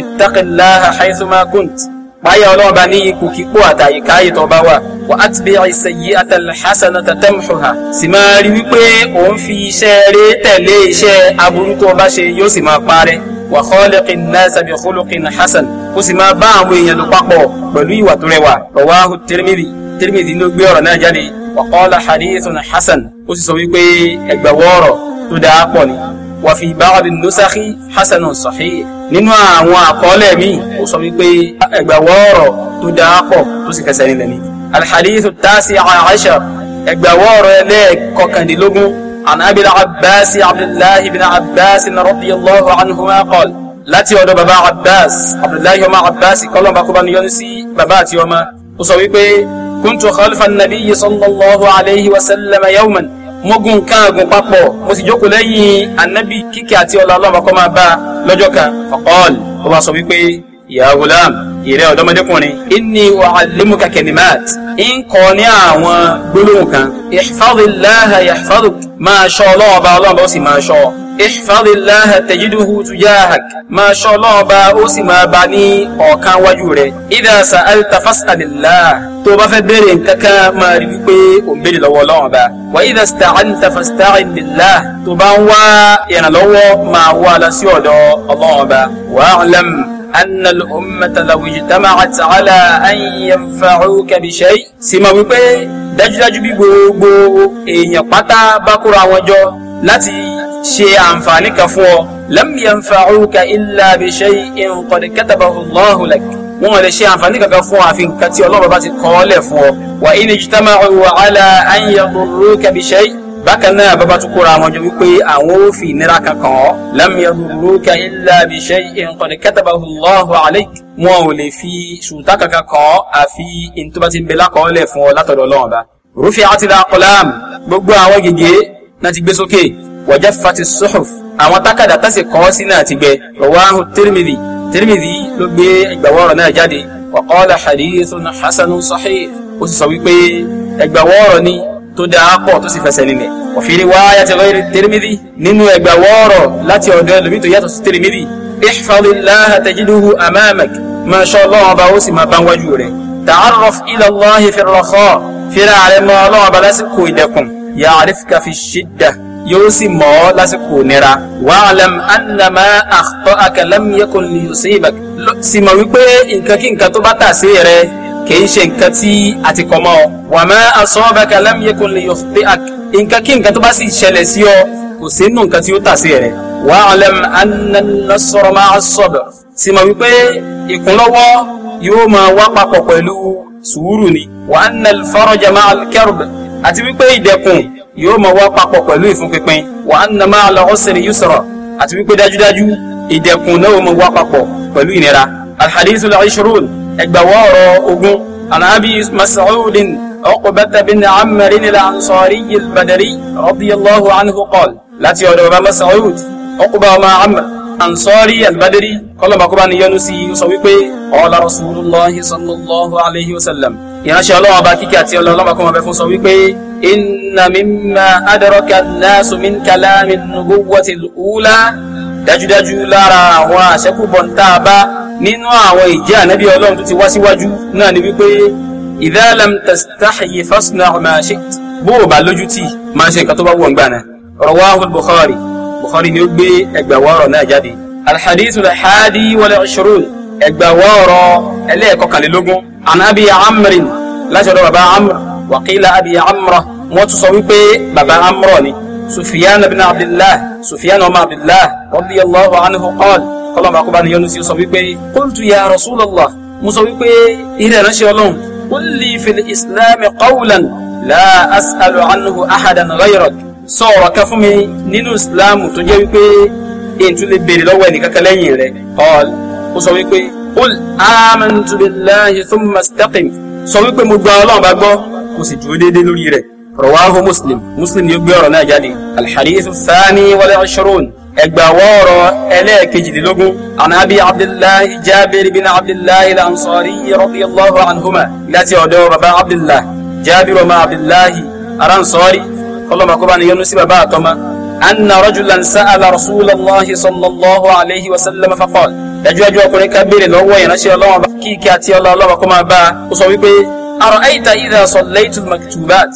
ittaqillaha haythuma kunt páyà ọlọ́run bá ní ipò kíkó àtàyíká ìtọ́ bá wà wa atbi'i sayyi'ata alhasanata tamhuha sì máa rí wípé òun fi iṣẹ́ rẹ tẹ̀lé iṣẹ́ aburú tó bá ṣe yóò sì máa parẹ́ wa khaliqin nasa bi khuluqin hasan kó sì máa bá àwọn èèyàn lò papọ̀ pẹ̀lú ìwà tó rẹwà rawahu Tirmidhi Tirmidhi ló gbé ọ̀rọ̀ náà jáde wa qala hadithun hasan ó sì sọ wípé ẹgbẹ̀wọ́ ọ̀rọ̀ tó dáa pọ̀ ni wa fi ba'd an-nusakhi hasanun sahih nínú àwọn àkọọ́lẹ̀ mi ó sọ wípé ẹgbẹ̀wọ́ ọ̀rọ̀ tó dáa pọ̀ tó sì fẹsẹ̀ nílẹ̀ ni. al-hadithu tasi'a ashar ẹgbẹ̀wọ́ ọ̀rọ̀ ẹlẹ́ẹ̀kọkàndínlógún abdullahi bin abbas láti ọ̀dọ̀ baba abbas abdullahi ọmọ abbas kọ́lọ́n bá kó bá níyọ́nú sí baba àti ọmọ ó sọ wípé kuntu khalfa nabiyyi sallallahu alayhi wa sallam yawman mo gun kan agun papọ̀ mo sì jókòó lẹ́yìn anabi kíkẹ́ àti ọlá ọlọ́run bá kọ́ máa bá lọ́jọ́ kan faqal ó bá sọ wípé ya gulam ìrẹ́ ọ̀dọ́mọdékùnrin inni u'allimuka kalimat ń kọ́ ní àwọn gbólóhùn kan ihfazillaha yahfazuk máa ṣọ́ ọlọ́run ọba ó sì máa ṣọ́ ọ ihfadillaha tajiduhu tujahak máa ṣọ́ ọlọ́run bá ó sì máa bá ní ọ̀kan wájú rẹ̀ idha sa'alta fas'alillah tó bá fẹ́ béèrè nǹkankan máa rí wípé ò ń béèrè lọ́wọ́ ọlọ́run bá wa idha sta'anta fasta'in billah tó bá ń wá ìrànlọ́wọ́ máa wá lọ sí ọ̀dọ̀ ọlọ́run bá wa'lam أن الأمة لو اجتمعت على أن ينفعوك بشيء sì mọ̀ wípé dájúdájú bí gbogbo èèyàn pátá bá kóra wọn jọ láti ṣe àǹfààní kan fún ọ lam yanfa'uka illa bi shay'in qad katabahu Allahu lak wọn ò lè ṣe àǹfààní kankan fún àfi nǹkan tí Ọlọ́run bá ti kọ́ lẹ̀ fún ọ wa in ijtama'u ala an yadurruka bi shay' bákan náà bàbá tún kóra àwọn jọ wípé àwọn ò fi ìnira kankan ọ lam yadurruka illa bi shay'in qad katabahu Allahu alayk wọn ò lè fi ṣùtá kankan kan àfi ntọ́ba ti ń bẹ lákọọ́lẹ̀ fún ọ látọ̀dọ̀ Ọlọ́run bá rufi'atil aqlam gbogbo àwọn gègé náà ti gbé sókè wàjà fati suhuf àwọn tákàdá tásì kọ́ sí náà ti gbẹ lọ́wọ́ ahun Tirmidhi Tirmidhi ló gbé ẹgbàwọ́rọ̀ náà jáde wa qala hadithun hasanun sahih ó sì sọ wípé ẹgbàwọ́rọ̀ ni tó dáa pọ̀ tó sì fẹsẹ̀ nílẹ̀ wa fi riwayati ghayri Tirmidhi nínú ẹgbàwọ́rọ̀ láti ọ̀dọ̀ ẹlòmí tó yàtọ̀ sí Tirmidhi ihfadillaha tajiduhu amamak ma sha ya'rifka fi shidda yóò sì mọ̀ ọ́ lásìkò nira. wa'lam anna ma akhta'aka lam yakun liyusibak. sì mọ̀ wípé nǹkan kí nǹkan tó bá tà sí rẹ kìí ṣe nǹkan tí a ti kọ́ mọ́ ọ. wa ma asabaka lam yakun liyukhti'ak. nǹkan kí nǹkan tó bá sì ṣẹlẹ̀ sí ọ kò sí nù nǹkan tí ó tà sí rẹ. wa'lam anna an-nasra ma'a as-sabr. sì mọ̀ wípé ìkúnlọ́wọ́ yóò máa wá papọ̀ pẹ̀lú sùúrù ni. wa anna al-faraja ma'a al-karb àti wípé ìdẹ̀kùn yóò máa wá papọ̀ pẹ̀lú ìfúnpinpin wa anna ma'al usri yusra àti wípé dájúdájú ìdẹ̀kùn náà ó máa wá papọ̀ pẹ̀lú ìnira alhadithul ishrun ẹgbàwọ́ ọ̀rọ̀ ogun anabi masaudin عقبة بن عمر الأنصاري البدري رضي الله عنه قال لا تيودوا مسعود عقبة ما عمر ansori albadiri kọlọmọ kó bá ní yọ́nú sí i sọ wípé ọlá rasulullahi sallallahu alayhi wa sallam ìránṣẹ́ Ọlọ́run ọba kíkẹ́ àti Ọlọ́run kó máa bẹ fún sọ wípé inna mimma adaraka naasu min kalami nubuwati ula dájúdájú lára àwọn àṣẹkùbọ̀n tá a bá nínú àwọn ìjẹ́ ànábì Ọlọ́run tó ti wá síwájú náà ni wípé idha lam tastahi fasna' ma shi'ta bó o bá lójú tì máa ṣe nǹkan tó bá wù ọ́ bukhari ni ó gbé ẹgbàá wọ́ọ̀rọ̀ náà jáde. alhadisu alhadi wal ishrun ẹgbàá wọ́ọ̀rọ̀ ẹlẹ́ẹ̀kọkànlélógún anabi amrin láti ọ̀dọ̀ baba amr wàkìlá abi amra wọ́n tún sọ wípé baba amra ni sufiyan ibn abdillah sufiyan ọmọ abdillah radiyallahu anhu qal kọlọ́n bá kó bá ní yọnu sí sọ wípé qultu ya rasulallah mo sọ wípé ìrẹ̀ ránṣẹ́ ọlọ́run qul li islam qawlan la as'alu anhu ahadan ghayrak sọ ọ̀rọ̀ kan fún mi nínú islam tó jẹ́ wípé èyí tún lè béèrè lọ́wọ́ ẹnìkankan lẹ́yìn rẹ̀ ọ̀l ó sọ wípé ul amantu billahi thumma istaqim sọ wípé mo gba ọlọ́run bá gbọ́ mo sì dúró déédéé lórí rẹ̀ rawahu muslim muslim ni ó gbé ọ̀rọ̀ náà jáde alhadithu thani wal ashrun ẹgbàwọ́rọ̀ ẹlẹ́ẹ̀kejìdínlógún anabi abdullahi jabir bin abdullahi al-ansari radiyallahu anhuma láti ọ̀dọ̀ baba abdullahi jabir ọmọ abdullahi aransori kọlọ́mà kó bá ní yọ́nú sí bàbá àtọ́mà anna rajulan sa'ala rasulallahi sallallahu alayhi wa sallam faqal dájúdájú ọkùnrin ká béèrè lọ́wọ́ ìránṣẹ́ ọlọ́wọ́n bá kí kí àti ọlá ọlọ́wọ́ kó máa bá a ó sọ wípé ara'ayta idha sallaytul maktubat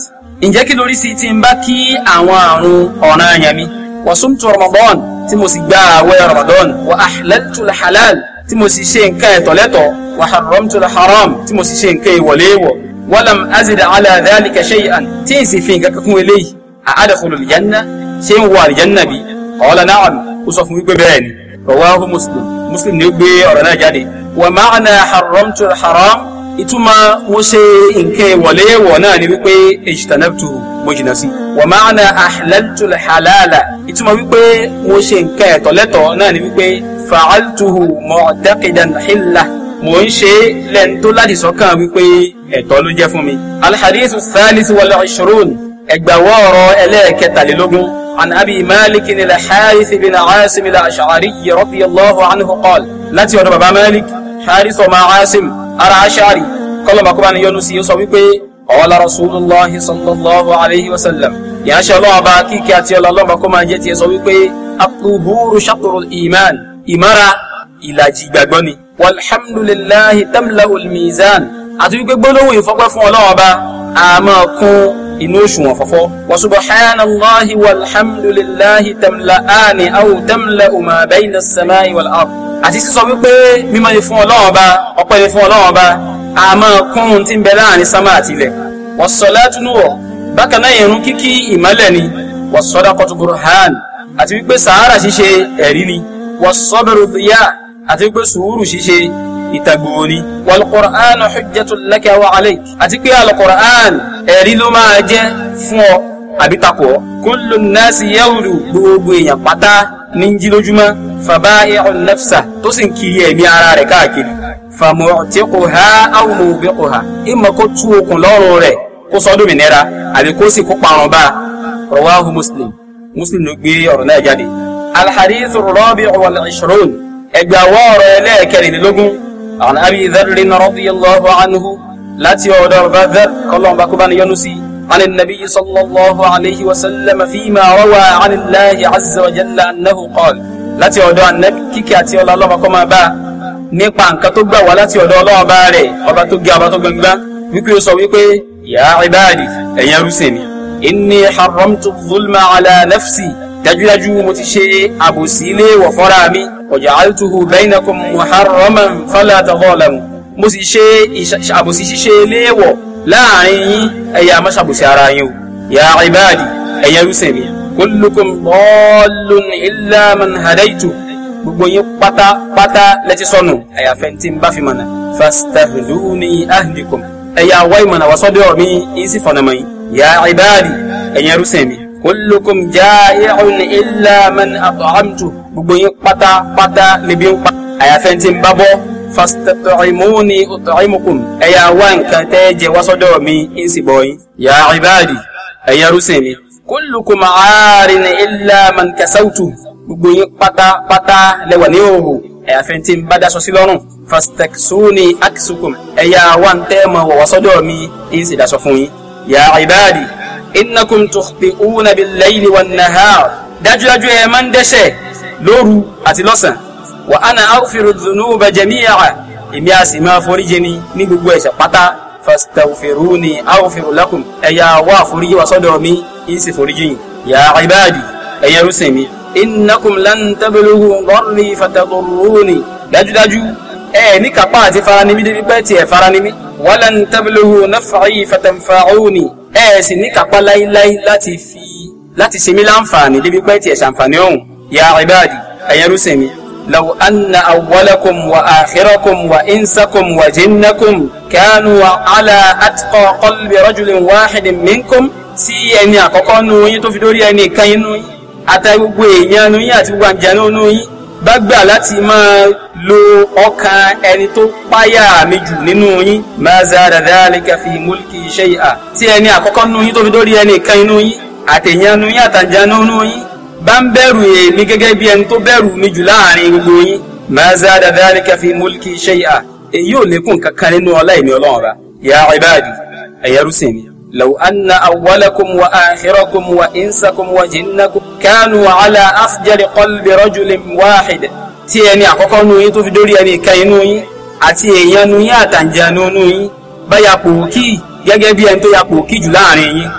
ǹjẹ́ kí lórí sí ti ń bá kí àwọn àrùn ọ̀ràn àyàn mi wa sumtu ramadan tí mo sì gba àwẹ̀ ramadan wa ahlaltu halal tí mo sì ṣe nǹkan ẹ̀tọ́lẹ́tọ̀ wa haramtu haram tí mo sì ṣe nǹkan ìwọ̀léwọ̀ walam azid ala dhalika shay'an tí n sì fi nǹkan kankan eléyìí àádọ́kùnrin àlìjánná ṣé ń wọ àlìjánná bí ọ̀ọ́lá náà ó sọ fún wípé bẹ́ẹ̀ ni rawahu muslim muslim ni ó gbé ọ̀rọ̀ náà jáde wa ma'na haramtu haram ìtumọ̀ mo ṣe nǹkan ìwọ̀léwọ̀ náà ni wípé ejtanabtu mo jìnnà sí wa ma'na ahlaltu halala ìtumọ̀ wípé mo ṣe nǹkan ẹ̀tọ́lẹ́tọ̀ náà ni wípé fa'altuhu mu'taqidan hillah mò ń ṣe lẹ́ni tó ládìsọ́kàn wípé ẹ̀tọ́ ló jẹ́ fún mi. alhadithu thalith wal ishrun ẹgbàwọ́ ọ̀rọ̀ ẹlẹ́ẹ̀kẹtàlélógún عن أبي مالك الحارث بن عاصم الأشعري رضي الله عنه قال لا تيون بابا مالك حارث وما عاصم أرى أشعري قال ما كمان يونسي يصوي قال رسول الله صلى الله عليه وسلم يا شلون باكي كاتي الله ما كمان جت يصوي الطهور شطر الإيمان إمارة إلى جيبابوني والحمد لله تملأ الميزان àti wípé gbólóhùn ìfọpẹ́ fún ọlọ́run ọba àmọ́ kún inú òṣùwọ̀n fọ́fọ́. wa subhanallahi walhamdulillahi tamla'ani aw tamla'u ma bayna as-samai wal ard. àti sísọ wípé mímọ́ ni fún ọlọ́run ọba ọpẹ́ ni fún ọlọ́run ọba àmọ́ kún ti ń bẹ láàrin sámà àtìlẹ̀. was-salatu nur bákan náà ìrun kíkí ìmọ́lẹ̀ ni was-sadaqatu burhan àti wípé sàárà ṣíṣe ẹ̀rí ni was-sabru diya àti wípé sùúrù ṣíṣe ìta gbogbo ni. wal Qur'anu hujjatun laka wa alayk. àti pé al-Qur'an ẹ̀rí ló máa jẹ́ fún ọ àbí takò ọ. kullu nasi yawlu gbogbo èèyàn pátá ní jí lójúmọ́ faba'i'un nafsa tó sì ń kiri ẹ̀mí ara rẹ̀ káàkiri. famu'tiquha aw mubiquha. ìmọ̀ kó tú okùn lọ́rùn rẹ̀ kó sọ́dún mi àbí kó sì kó parun bá a. rawahu muslim muslim ló gbé ọ̀rọ̀ náà jáde. al-hadithu عن أبي ذر رضي الله عنه لا تيودر ذر كلهم بكبان ينسي عن النبي صلى الله عليه وسلم فيما روى عن الله عز وجل أنه قال لا تيودر النبي كي أتي الله بكما با nípa nǹkan tó gbà wá láti ọ̀dọ̀ ọlọ́run bá rẹ̀ ọba tó ga ọba tó gbangba wípé ó sọ wípé ya ibadi ẹ̀yin arúsẹ̀ mi. inni haramtu zulma ala nafsi dájúdájú mo ti ṣe àbòsí ilé ìwọ̀fọ́ra mi waja'altuhu bainakum muharraman fala tadhalamu mo sì ṣe àbòsí ṣíṣe léèwọ̀ láàrin yín ẹ̀yà mọ́ṣàbòsí ara yín o ya ibadi ẹ̀yà rúṣẹ̀ mi kullukum dallun illa man hadaytu gbogbo yín pátápátá lẹ́tí sọnù àyàfẹ́ tí ń bá fi mọ̀nà fastahduni ahdikum ẹ̀yà wáìmọ̀nà wàsọ́dọ̀ mi ń sì fọ̀nàmọ́ yín ẹ̀yà rúṣẹ̀ kullukum jaa'i'un illa man at'amtu gbogbo yín pátápátá níbi ń pa àyàfẹ́ tí ń bá bọ́ fastat'imuni ut'imukum ẹ̀yà wá nǹkan tẹ́ jẹ wá sọ́dọ̀ mi ń sì bọ̀ yín. ya ibadi ẹ̀yà rúṣin mi kullukum 'arin illa man kasawtu gbogbo yín pátápátá lẹ́wà ní òhù àyàfẹ́ tí ń bá daṣọ sí lọ́rùn fastaksuni aksukum ẹ̀yà wá ń tẹ́ mọ̀ wọ̀ wá sọ́dọ̀ mi ń sì daṣọ ya ibadi innakum tukhti'una bil-layli wan-nahar dájúdájú ẹ máa ń dẹ́ṣẹ̀ lóru àti lọ́sàn wa ana aghfiru dhunuba jami'a èmi a sì máa foríjì ni ní gbogbo ẹ̀ṣẹ̀ pátá fastaghfiruni aghfiru lakum ẹ̀yà wà foríjì wá sọ́dọ̀ mi ń sì ya ibadi ẹ̀yẹ rúṣẹ̀ innakum lan tablughu darri fatadurruni dájúdájú ẹ ní kápá àti faranimi débi pẹ́ tiẹ̀ faranimi. walan tablughu naf'i fatanfa'uni ẹ sì ní kápá láíláí láti fi láti sinmi láǹfààní débi pẹ́ tiẹ̀ ṣàǹfààní ọ̀hún. ya ibadi ẹ̀yẹ́rú sèmi. لو أن أولكم وآخركم وإنسكم وجنكم كانوا على أتقى قلب رجل واحد منكم sí ẹni àkọ́kọ́ nu yín tó fi dórí ẹni kan inú yín àtàgbogbo èèyàn nu yín àti gbogbo nu yín bá gbà láti máa lo ọkàn ẹni tó páyà mi jù nínú yín dalika zada dhalika fi mulki shay'a tí ẹni àkọ́kọ́ nínú yín tó fi dórí ẹni kan inú yín àtẹ̀yàn nínú yín àtàjà nínú yín bá ń bẹ̀rù èmi gẹ́gẹ́ bí ẹni tó bẹ̀rù mi jù láàrin gbogbo yín ma zada dhalika fi mulki shay'a èyí ò lékún kankan nínú ọlá ìmí ọlọ́run ra ya ibadi ẹ̀yẹrú sí mi. لو أن أولكم وآخركم وإنسكم وجنكم كانوا على أخجل قلب رجل واحد tí ẹni àkọ́kọ́ nu yín tó fi dórí ẹni ìka inú yín àti èèyàn nu yín àtàǹjànú nu yín bá yapò kí gẹ́gẹ́ bí ẹni tó yapò kí jù láàrin yín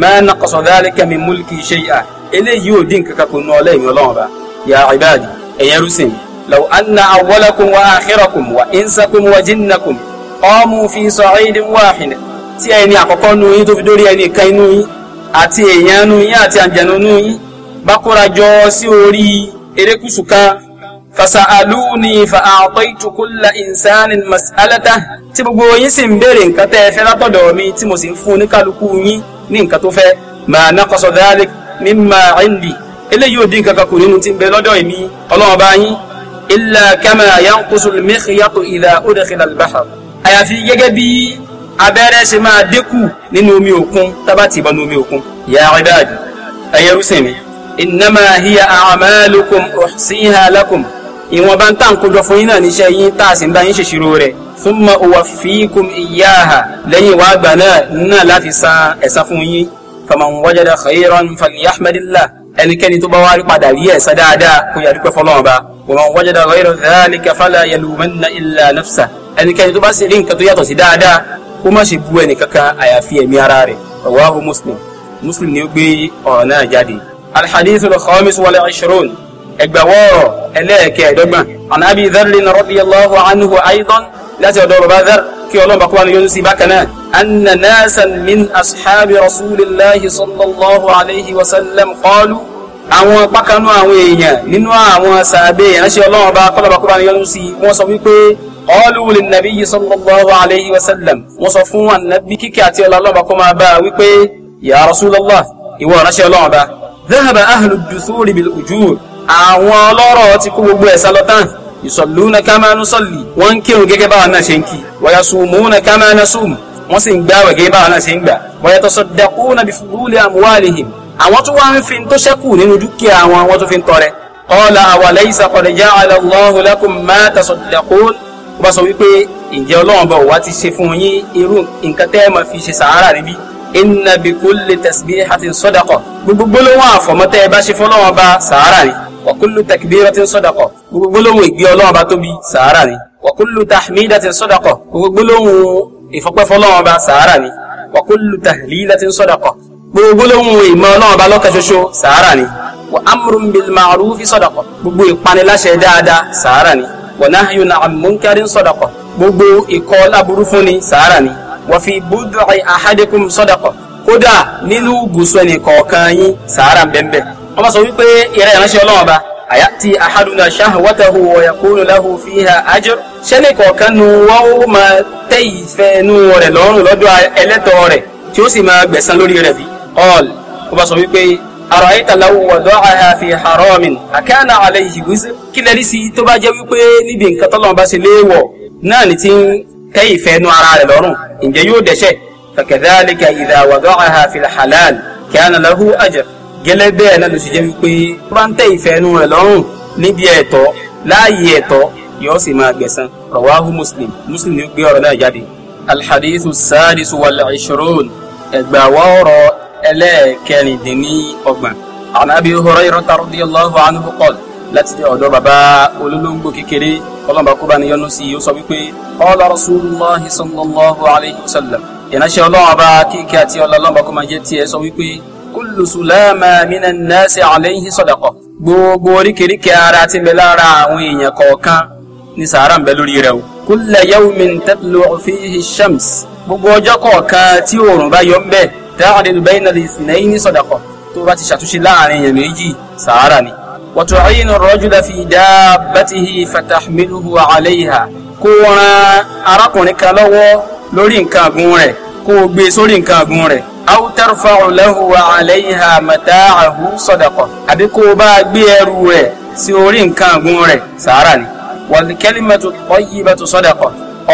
ma naqasa dhalika min mulki shay'a eléyìí ò dín kankan kò nu ọlẹ́ ìyẹn ọlọ́run bá ya ibadi ẹ̀yẹn rúsìn law anna awwalakum wa akhirakum wa insakum wa jinnakum qamu fi sa'idin wahid tí ẹni àkọ́kọ́ nu yín tó fi dórí ẹni kan inú yín àti èèyàn nu yín àti àǹjẹ̀nu nu yín bá kóra jọ sí orí erékùsù kan fasaluni fa a'taytu kulla insanin mas'alata tí gbogbo yín sì ń béèrè nǹkan tẹ́ ẹ fẹ́ látọ̀dọ̀ mi tí mo sì ń fún oníkálukú yín ní nǹkan tó fẹ́ ma naqasa dhalik mimma 'indi eléyìí ò dín kankan kù nínú tí ń bẹ lọ́dọ̀ èmi ọlọ́run bá yín illa kama yanqusul mikhyatu idha udkhila al àyàfi gẹ́gẹ́ bíi abẹ́rẹ́ ṣe máa dínkù nínú omi òkun tábà tí ìbọn omi òkun. ya ibad ẹ̀yẹrúsìn mi innama hiya a'malukum uhsiha lakum ìwọ̀nba ń tàn kójọ fún yín náà níṣẹ́ yín tá a sì ń bá yín ṣèṣirò rẹ̀ thumma uwaffikum iyyaha lẹ́yìn ìwà àgbà náà náà láfi san ẹ̀san fún yín faman wajada khayran falyahmadillah ẹnikẹ́ni tó bá wá padà rí ẹ̀san dáadáa kó yà ẹnikẹ́ni tó bá sì rí nǹkan tó yàtọ̀ sí dáadáa kó má ṣe bú ẹnì kankan àyàfi ẹ̀mí ara rẹ̀ rawahu muslim muslim ni ó gbé ọ̀rọ̀ náà jáde. alhadithul khamis wal ishrun ẹgbẹ̀wọ́rọ̀ ẹlẹ́ẹ̀kẹ́ẹ̀dọ́gbọ̀n anabi dharlin radiyallahu anhu aidan láti ọ̀dọ̀ bàbá dhar kí ọlọ́run bá kó wà ní yọ́nú sí bákan náà. anna nasan min ashabi rasulillahi sallallahu alayhi wa sallam qalu àwọn pákánú àwọn èèyàn nínú àwọn sàbẹ̀ ìránṣẹ́ ọlọ́run bá kọ́lọ́bà kó wà ní yọ́nú wọ́n sọ wípé qalu lin nabiyyi sallallahu alayhi wa sallam wọ́n sọ fún ànábì kíkẹ́ àti ọlọ́ọ̀bà kó máa bá a wípé ya rasulallah ìwọ ránṣẹ́ ọlọ́ọ̀bà dhahaba ahlu duthuri bil ujur àwọn ọlọ́rọ̀ ti kó gbogbo ẹ̀ sálọ tán yusalluna kama nusalli wọ́n ń kírun gẹ́gẹ́ báwa náà ṣe ń kí wa yasumuna kama nasum wọ́n sì ń gbààwẹ̀ gẹ́gẹ́ báwa náà ṣe ń gbà wa yatasaddaquna bi fuduli amwalihim àwọn tó wá fi tó ṣẹ́kù nínú dúkìá àwọn àwọn tó fi ń tọrẹ. qala awalaysa qad ja'ala Allahu lakum ma tasaddaqun ó bá sọ wípé ǹjẹ́ ọlọ́run bá wá ti ṣe fún yín irú nǹkan tẹ́ ẹ máa fi ṣe sàárà níbí inna bi kulli tasbihatin sadaqa gbogbo gbólóhùn àfọ̀mọ́tẹ́ ẹ bá ṣe fọlọ́run bá sàárà ni wa kullu takbiratin sadaqa gbogbo gbólóhùn ìgbé ọlọ́run bá tóbi sàárà ni wa kullu tahmidatin sadaqa gbogbo gbólóhùn ìfọpẹ́ fọlọ́run bá sàárà ni wa kullu tahlilatin sadaqa gbogbo gbólóhùn ìmọ̀ ọlọ́run bá lọ́kàn ṣoṣo sàárà ni wa amrun bil ma'rufi sadaqa gbogbo ìpaniláṣẹ dáadáa sàárà ni wọ̀náhìyù na àmúnkẹ́rin sọ̀dọ̀kọ̀ gbogbo ìkọ́ láburú fún ni sàárà ni wọ́n fi búdùrì àhádẹ́kùn sọ̀dọ̀kọ̀ kódà nínú gùsùn ẹnì kọ̀ọ̀kan yín sàárà bẹ́ẹ̀ wọ́n bá sọ wípé ìrẹ́ ìránṣẹ́ ọlọ́run ọba àyàtì àhádùnà ṣáhùwọ́tàhù ọ̀yàkúrò láhù fi hà ájọ́ ṣẹ́ni kọ̀ọ̀kan nu wọ́n ó máa tẹ́ ìfẹ́ inú rẹ̀ lọ́rùn lọ́dọ̀ ẹlẹ́tọ̀ọ́ rẹ̀ tí ó sì máa gbẹ̀san lórí rẹ̀ bí ọ̀l wọ́n bá sọ wípé àrọ̀ àyítàláwù wọ̀dọ́ àhàfi haramin àkáànà àlẹ́ yìí kí lẹ́rí sí tó bá jẹ́ wípé níbi nǹkan tọ́lọ́run bá ṣe léèwọ̀ náà ni ti ń tẹ́ ìfẹ́ nu ara rẹ̀ lọ́rùn ǹjẹ́ yóò dẹ́ṣẹ̀ fakadhalika idha wada'aha fil halal kana lahu ajr gẹ́lẹ́ bẹ́ẹ̀ náà ló sì jẹ́ wípé tó bá ń tẹ́ ìfẹ́ nu rẹ̀ lọ́rùn níbi ẹ̀tọ́ láàyè ẹ̀tọ́ yóò sì máa gbẹ̀san rawahu muslim muslim ló gbé ọ̀rọ̀ náà jáde. alhadithu sadisu wal ishrun ẹgbà wọ́ọ̀rọ̀ ẹlẹ́ẹ̀kẹrìndínlọ́gbọ̀n. an abi hurayrata radiyallahu anhu qala láti dé ọ̀dọ̀ bàbá olólógbò kékeré ọlọ́mọba kó bá ní yọ́nú sí i ó sọ wípé qala rasulullahi sallallahu alayhi wa sallam ìránṣẹ́ ọlọ́run ọba kíkẹ́ àti ọlọ́mọba kó máa jẹ́ tiẹ̀ sọ wípé kullu sulama minan nasi alayhi sadaqa gbogbo oríkèéríkèé ara ti bẹ lára àwọn èèyàn kọ̀ọ̀kan ní sàárà ń bẹ lórí rẹ̀ o. kulla yawmin tatlu fihi shams gbogbo ọjọ́ kọ̀ọ̀kan tí oòrùn bá yọ ń bẹ̀ dáhàdé bayna al-ithnayni sadaqa tó bá ti ṣàtúnṣe láàrin èèyàn méjì sàárà ni. وتعين الرجل في دابته فتحمله عليها kó ran arákùnrin kan lọ́wọ́ lórí nǹkan àgùn rẹ̀ kó o gbé e sórí nǹkan àgùn rẹ̀. aw tarfa'u lahu wa 'alayha mata'ahu sadaqa. àbí kó o bá gbé ẹrù rẹ̀ sí orí nǹkan àgùn rẹ̀ sàárà ni. wal kalimatu tayyibatu sadaqa.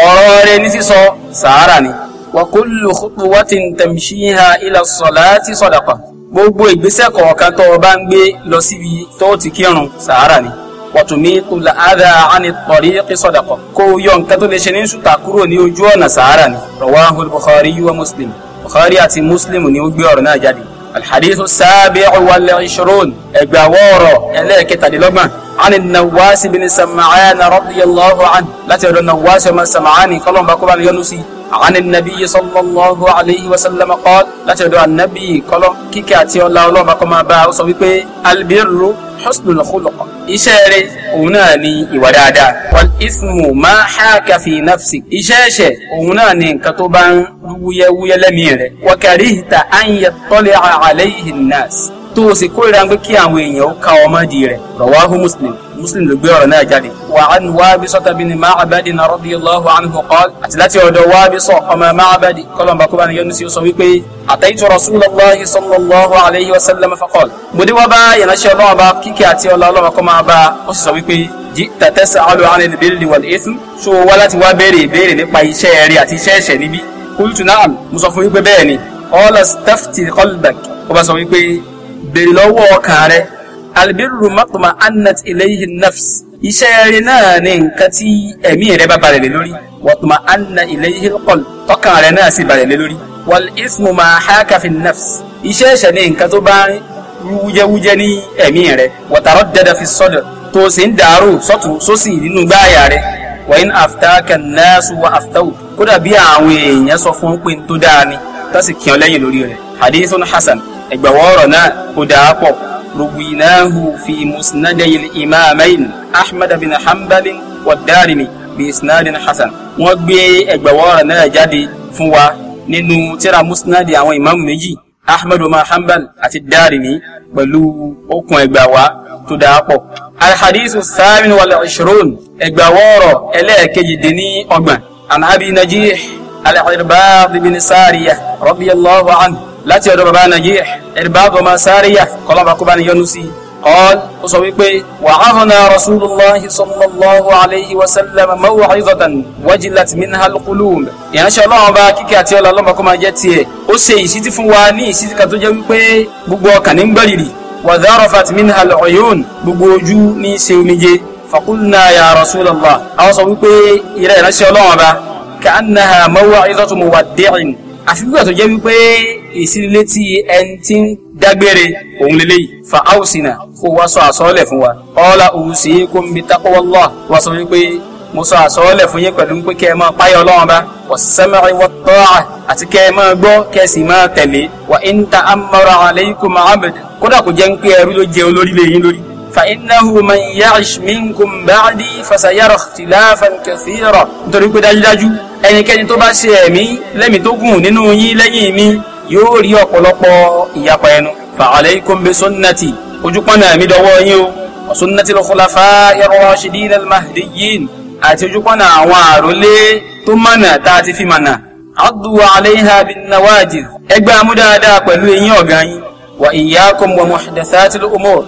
ọ̀rọ̀ rẹ̀ ní sísọ sàárà ni. wa kullu khutuwatin tamshiha ila salati sadaqa gbogbo ìgbésẹ̀ kọ̀ọ̀kan tó o bá ń gbé lọ síbi tó ti kírun sàárà ni wàtúmí tula ada ani tọ̀rí sọ̀dàkọ̀ kó o yọ nǹkan tó lè ṣe ní ṣùtà kúrò ní ojú ọ̀nà sàárà ni rawahu bukhari wa muslim bukhari àti muslim ni ó gbé ọ̀rọ̀ náà jáde الحديث السابع والعشرون إبوارو إليك تدلما عن النواس بن سمعان رضي الله عنه لا تقول النواس ما سمعان قالوا بقول ينسي عن النبي صلى الله عليه وسلم قال لا تدعو النبي قال كيكا تي الله الله بكما با سو البر حسن الخلق iṣẹ́ rẹ̀ òun náà ni ìwà dáadáa wal ismu ma haka fi nafsi iṣẹ́ ẹ̀ṣẹ̀ òun náà ni nǹkan tó bá ń wúyẹ́wúyẹ́ lẹ́mìí rẹ̀ wa karihta an yattali'a alayhi an-nas tó o sì kórìíra pé kí àwọn èèyàn ó ka ọmọ di rẹ̀ rọwáhu muslim muslim ló gbé ọ̀rọ̀ náà jáde. wà á nu wáábi sọ́tà bí ni máàbàdì náà radiyallahu anhu qala àti láti ọ̀dọ̀ wáábi sọ ọmọ máàbàdì kọlọ̀mbà kó bá niyọ́nu sí sọ wípé àtẹ̀yìntò rasulullahi sallallahu alayhi wa sallam faqala. mo dé wá bá yànnàṣẹ́ ọlọ́wọ́ bá kíkẹ́ àti ọlọ́ ọlọ́wọ́ kọ́ máa bá ó sì sọ wípé jita tasalu ani albirri wal ithm so wá láti wá béèrè ìbéèrè nípa iṣẹ́ ẹ̀rí àti iṣẹ́ ẹ̀ṣẹ̀ níbí qultu na'am mo sọ fún wípé bẹ́ẹ̀ ni qala stafti qalbak ó bá sọ wípé bèrè lọ́wọ́ ọkàn rẹ albirru matuma annat ilayhi nafs iṣẹ́ rẹ náà ni nǹkan tí ẹ̀mí rẹ bá balẹ̀ lé lórí watuma anna ilayhi alqalb tọkàn rẹ náà sì balẹ̀ lé lórí wal ismu ma haka nafs iṣẹ́ ẹ̀ṣẹ̀ ni nǹkan tó bá wújẹwújẹ ní ẹ̀mí rẹ wọ̀tàrọ̀ dẹ́dẹ́ fi sọ́dọ̀ tó o sì ń dàárò sọ́tún sósì nínú gbáàyà rẹ wọ́n àfitákẹ́ nẹ́ẹ̀sù wọ àfitáwù kódà bí àwọn èèyàn sọ fún pé tó dáa ni tó sì kí ọ lẹ́yìn lórí rẹ̀ hadithun hasan ẹgbẹ̀wọ́ ọ̀rọ̀ náà kò dáa pọ̀ rúwìnáhù fi musnadayil imamain ahmed bin hanbal wa darimi bi isnadin hasan wọ́n gbé ẹgbẹ̀wọ́ ọ̀rọ̀ náà jáde fún wa nínú tíra musnadi àwọn ìmáàmù méjì ahmed bin hanbal àti darimi pẹ̀lú okùn ẹgbàwá tó dáa alhadisu samin wal ishirun ẹgbẹ̀wọ́ ẹlẹ́ẹ̀kejì dín ní ọgbọ̀n an najih al-irbad bin sariya radiyallahu anhu láti ọ̀dọ̀ baba Najih Irbad ọmọ Sariyah kọ́lọ́ba kó bá ní yọnu sí i qal ó sọ wípé wa'adhana rasulullahi sallallahu alayhi wa sallam maw'izatan wajilat minha alqulub ìránṣẹ́ ọlọ́run bá kíkẹ́ àti ọlọ́ ọlọ́mọ kó máa jẹ́ tiẹ̀ ó ṣe ìṣítí fún wa ní ìṣítí kan tó jẹ́ wípé gbogbo ọkàn ní gbẹ̀rìrì wa dharafat minha al'uyun gbogbo ojú ní ṣe omijé faqulna ya rasulallah àwọn sọ wípé ìrẹ́ ìránṣẹ́ ọlọ́run àfi gbígbà tó jẹ́ wípé ìsínilétí ẹni tí ń dágbére òun lélẹ́yìí fa áùsìnà kó wá sọ àsọ́ọ́lẹ̀ fún wa ọlá òwúsì kó ń bi taqwallah wá sọ wípé mo sọ àsọ́ọ́lẹ̀ fún yín pẹ̀lú pé kẹ́ ẹ máa páyọ̀ ọlọ́run bá wà sẹ́mẹ́rì wọ́n tọ́ra àti kẹ́ ẹ máa gbọ́ kẹ́ ẹ sì máa tẹ̀lé wà ń ta amọ̀ra alaykum muhammed kódà kò jẹ́ pé ẹrú ló jẹ́ olórí lẹ́yìn lórí. فإنه من يعش منكم بعدي فسيرى اختلافا كثيرا nítorí pé dájúdájú ẹnikẹ́ni tó bá ṣe ẹ̀mí lẹ́mìí tó gùn nínú yín lẹ́yìn mi yóò rí ọ̀pọ̀lọpọ̀ ìyapa ẹnu. fa alaykum bi sunnati ojúpọ̀nà mi dọwọ́ yín o wa sunnati al-khulafa'i ar-rashidin al-mahdiyyin àti ojúpọ̀nà àwọn àròlé tó mọ̀nà tá a ti fi mọ̀nà. addu alayha bin nawajidh ẹgbẹ́ amúdáadáa pẹ̀lú eyín ọ̀gá yín wa iyyakum wa muhdathati al-umur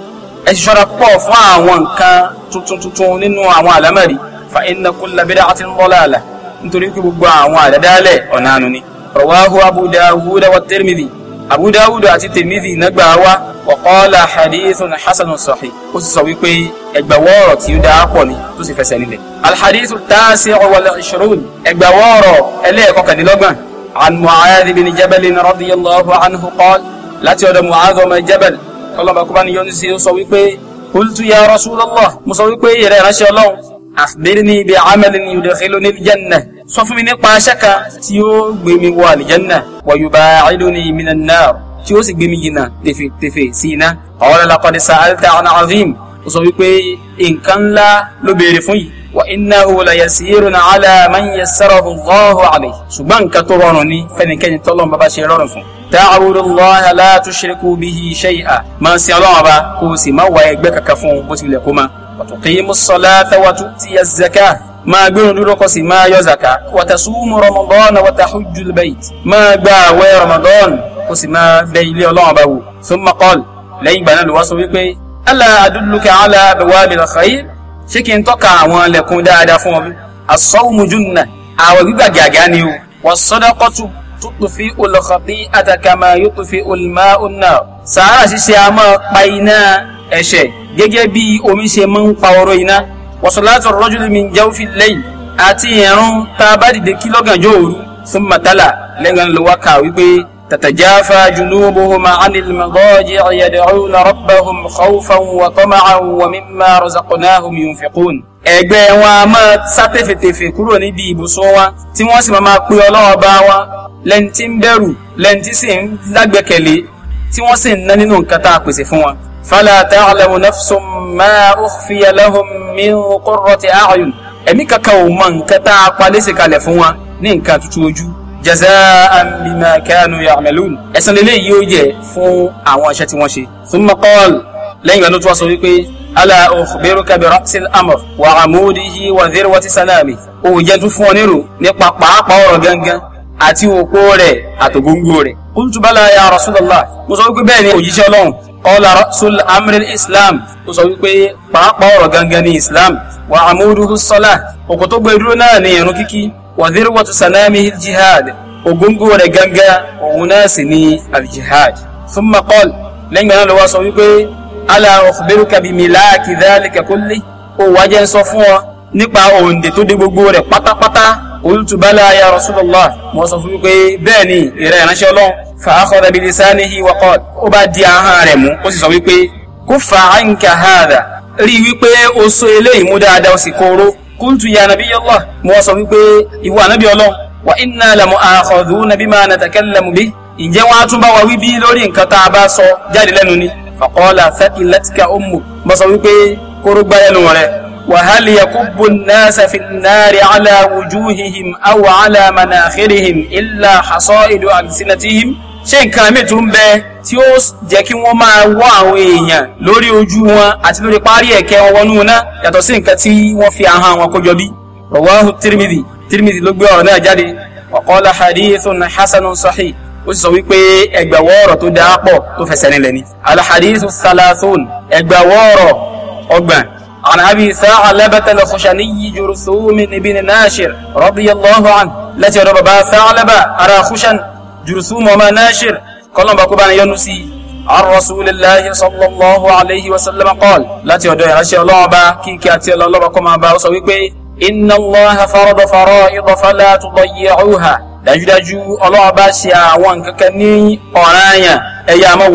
nítorí pé gbogbo àwọn àdádálẹ̀ ọ̀nà àánú ni rawahu abu dawud wa tirmidhi abu dawud àti tirmidhi nàgbà wa wa qala hadithun hasanun sahih ó sì sọ wípé ẹgbàwọ́ ọ̀rọ̀ tí ó dáa pọ̀ ni tó sì fẹsẹ̀ nílẹ̀ alhadithu taasi wal ishrun ẹgbàwọ́ ọ̀rọ̀ ẹlẹ́ẹ̀kọkàndínlọ́gbọ̀n an mu'adh bin jabal radiyallahu anhu qala láti ọ̀dọ̀ mu'adh ọmọ jabal kọlọ́mọ kọ́bániyọ́nù sọ wípé qultu ya rasulallah mo wípé yẹrẹ ìránṣẹ́ ọlọ́run akhbirni bi amalin yudkhiluni aljanna sọ fún mi nípa aṣẹ́ kan tí ó gbé mi wọ àlìjánná wa yuba'iduni minan nar tí ó sì gbé mi jìnnà tèfètèfè sí iná qala laqad sa'alta 'an 'azim ó sọ wípé nǹkan ńlá ló béèrè fún yìí wa innahu la yasirun 'ala man yassarahu Allahu 'alayhi ṣùgbọ́n nǹkan tó rọrùn ni fẹ́nikẹ́ni tọ́lọ́run bá bá ṣe rọrùn fún ta'budu Allaha la máa ń sin ọlọ́run ọba kó o sì má wá ẹgbẹ́ kankan fún bó tilẹ̀ kó máa وتقيم الصلاة وتؤتي الزكاة máa gbẹ́rùn dúró kó sì máa yọ zaka wàtàsúmù ramadan wàtàhujjú lbẹ́yìt máa gba àwẹ̀ ramadan kó sì máa bẹ ilé ọlọ́run bá wò summa qal lẹ́yìn ìgbà náà ló wá sọ wípé ala adulluka ala abwabil khair ṣé kí n tọ́ka àwọn ẹlẹ́kùn dáadáa fún ọ as-sawmu junna àwẹ̀ gbígbà gàgà ni o was-sadaqatu tutfi'u al-khati'ata kama yutfi'u al-ma'u an-nar sàárà ṣíṣe a máa pa iná ẹ̀ṣẹ̀ gẹ́gẹ́ bí omi ṣe máa ń pa ọ̀rọ̀ iná wasalatu rajuli min jawfi al-layl àti ìrun tá a bá dìde kí lọ́gànjọ́ òru fún matala lẹ́gàn ló wá kà wípé tatajafa junubuhum anil madaji'i yad'una rabbahum khawfan wa tama'an wa mimma razaqnahum yunfiqun ẹgbẹ́ wọn a máa sá tẹ̀fẹ̀tẹ̀fẹ̀ kúrò níbi ibùsùn wọn tí wọ́n sì máa pe Ọlọ́run bá wọn lẹ́ni ń bẹ̀rù lẹ́ni sì ń lágbẹ́kẹ̀lé tí wọ́n sì ń ná nínú nǹkan tá a pèsè fún wọn فلا تعلم نفس ما أخفي لهم من قرة أعين ẹ̀mí kankan ò mọ nǹkan tá a pa léṣe kalẹ̀ fún wa ní nǹkan tuntun ojú jaza'an bima kanu ya'malun ẹ̀san lélẹ̀ yìí ó jẹ́ fún àwọn iṣẹ́ tí wọ́n ṣe. thumma qala lẹ́yìn ìgbà tó tún wá sọ wípé ala ukhbiruka bi ra'sil amr wa amudihi wa dhirwati sanami òòjẹ́ tún fún ọ nírò nípa pàápàá ọ̀rọ̀ gangan àti òpó rẹ̀ àtògóńgó rẹ̀. qultu bala ya Rasulullah mo sọ wípé bẹ́ẹ̀ ni òjíṣẹ́ Ọlọ́run qala rasul amril islam ó sọ wípé pàápàá ọ̀rọ̀ gangan ní islam wa amuduhu salah òkò tó gbé dúró náà ní ìrun kíkí wa dhirwatu sanamihi jihad ògúngún rẹ̀ gangan òun náà sì ní aljihad thumma qala lẹ́yìn náà ló wá sọ wípé ala ukhbiruka bi milaki dhalika kulli ó wájẹ́ sọ fún ọ nípa òǹdè tó dé gbogbo rẹ̀ pátápátá qultu bala ya rasulullah sọ fún wípé bẹ́ẹ̀ ni ìrẹ́ ìránṣẹ́ ọlọ́run fa akhadha bi lisanihi wa qala ó bá di ahọ́n rẹ̀ mú ó sì sọ wípé kuffa anka hadha rí i wípé o so eléyìí mú dáadáa o sì kóró kuntu ya nabiyallah mo sọ wípé ìwọ ànábì ọlọ́run wa inna la mu'akhadhuna bima natakallamu bih ǹjẹ́ wọ́n á tún bá wa wí lórí nǹkan tá a bá sọ jáde lẹ́nu ni faqala thaqilatka ummuk mo sọ wípé kóró gbá lẹ́nu rẹ̀ wa hal nasa fi nari ala wujuhihim aw ala manakhirihim illa hasaidu alsinatihim ṣé nǹkan míì tún bẹ tí ó jẹ́ kí wọ́n máa wọ́ àwọn èèyàn lórí ojú wọn àti lórí parí ẹ̀kẹ́ wọn wọnú náà yàtọ̀ sí nǹkan tí wọ́n fi ahọ́n wọn kójọ bí. rawahu tirimidi tirimidi ló gbé ọ̀rọ̀ náà jáde wa qala hadithun hasanun sahih ó sì sọ wípé ẹgbẹ̀wọ́ ọ̀rọ̀ tó dáa pọ̀ tó fẹsẹ̀ nílẹ̀ ni. alhadithu salasun ẹgbẹ̀wọ́ ọ̀rọ̀ ọgbọ̀n عن أبي ثعلبة الخشني جرثوم بن ناشر رضي الله عنه التي ربى ثعلبة أرى خشن jùrùsùmọ̀ ọmọ náṣir kọ́lọ́mbà kó bá ní yọnu sí arọ́sùlélàyé sọlọ́lọ́hu aleyhi wa sallama kọ́l láti ọ̀dọ̀ ìránṣẹ́ ọlọ́ọ̀ba kíkẹ́ àti ọlọ́ọ̀ba kọ́ máa bá ọ sọ wípé iná lọ́ha farọ́dọ̀ farọ́ ìdọ̀fálà àtúbọ̀ yẹ ọ̀húhà dájúdájú ọlọ́ọ̀ba ṣe àwọn kankan ní ọ̀ranyàn ẹ̀yà àmọ́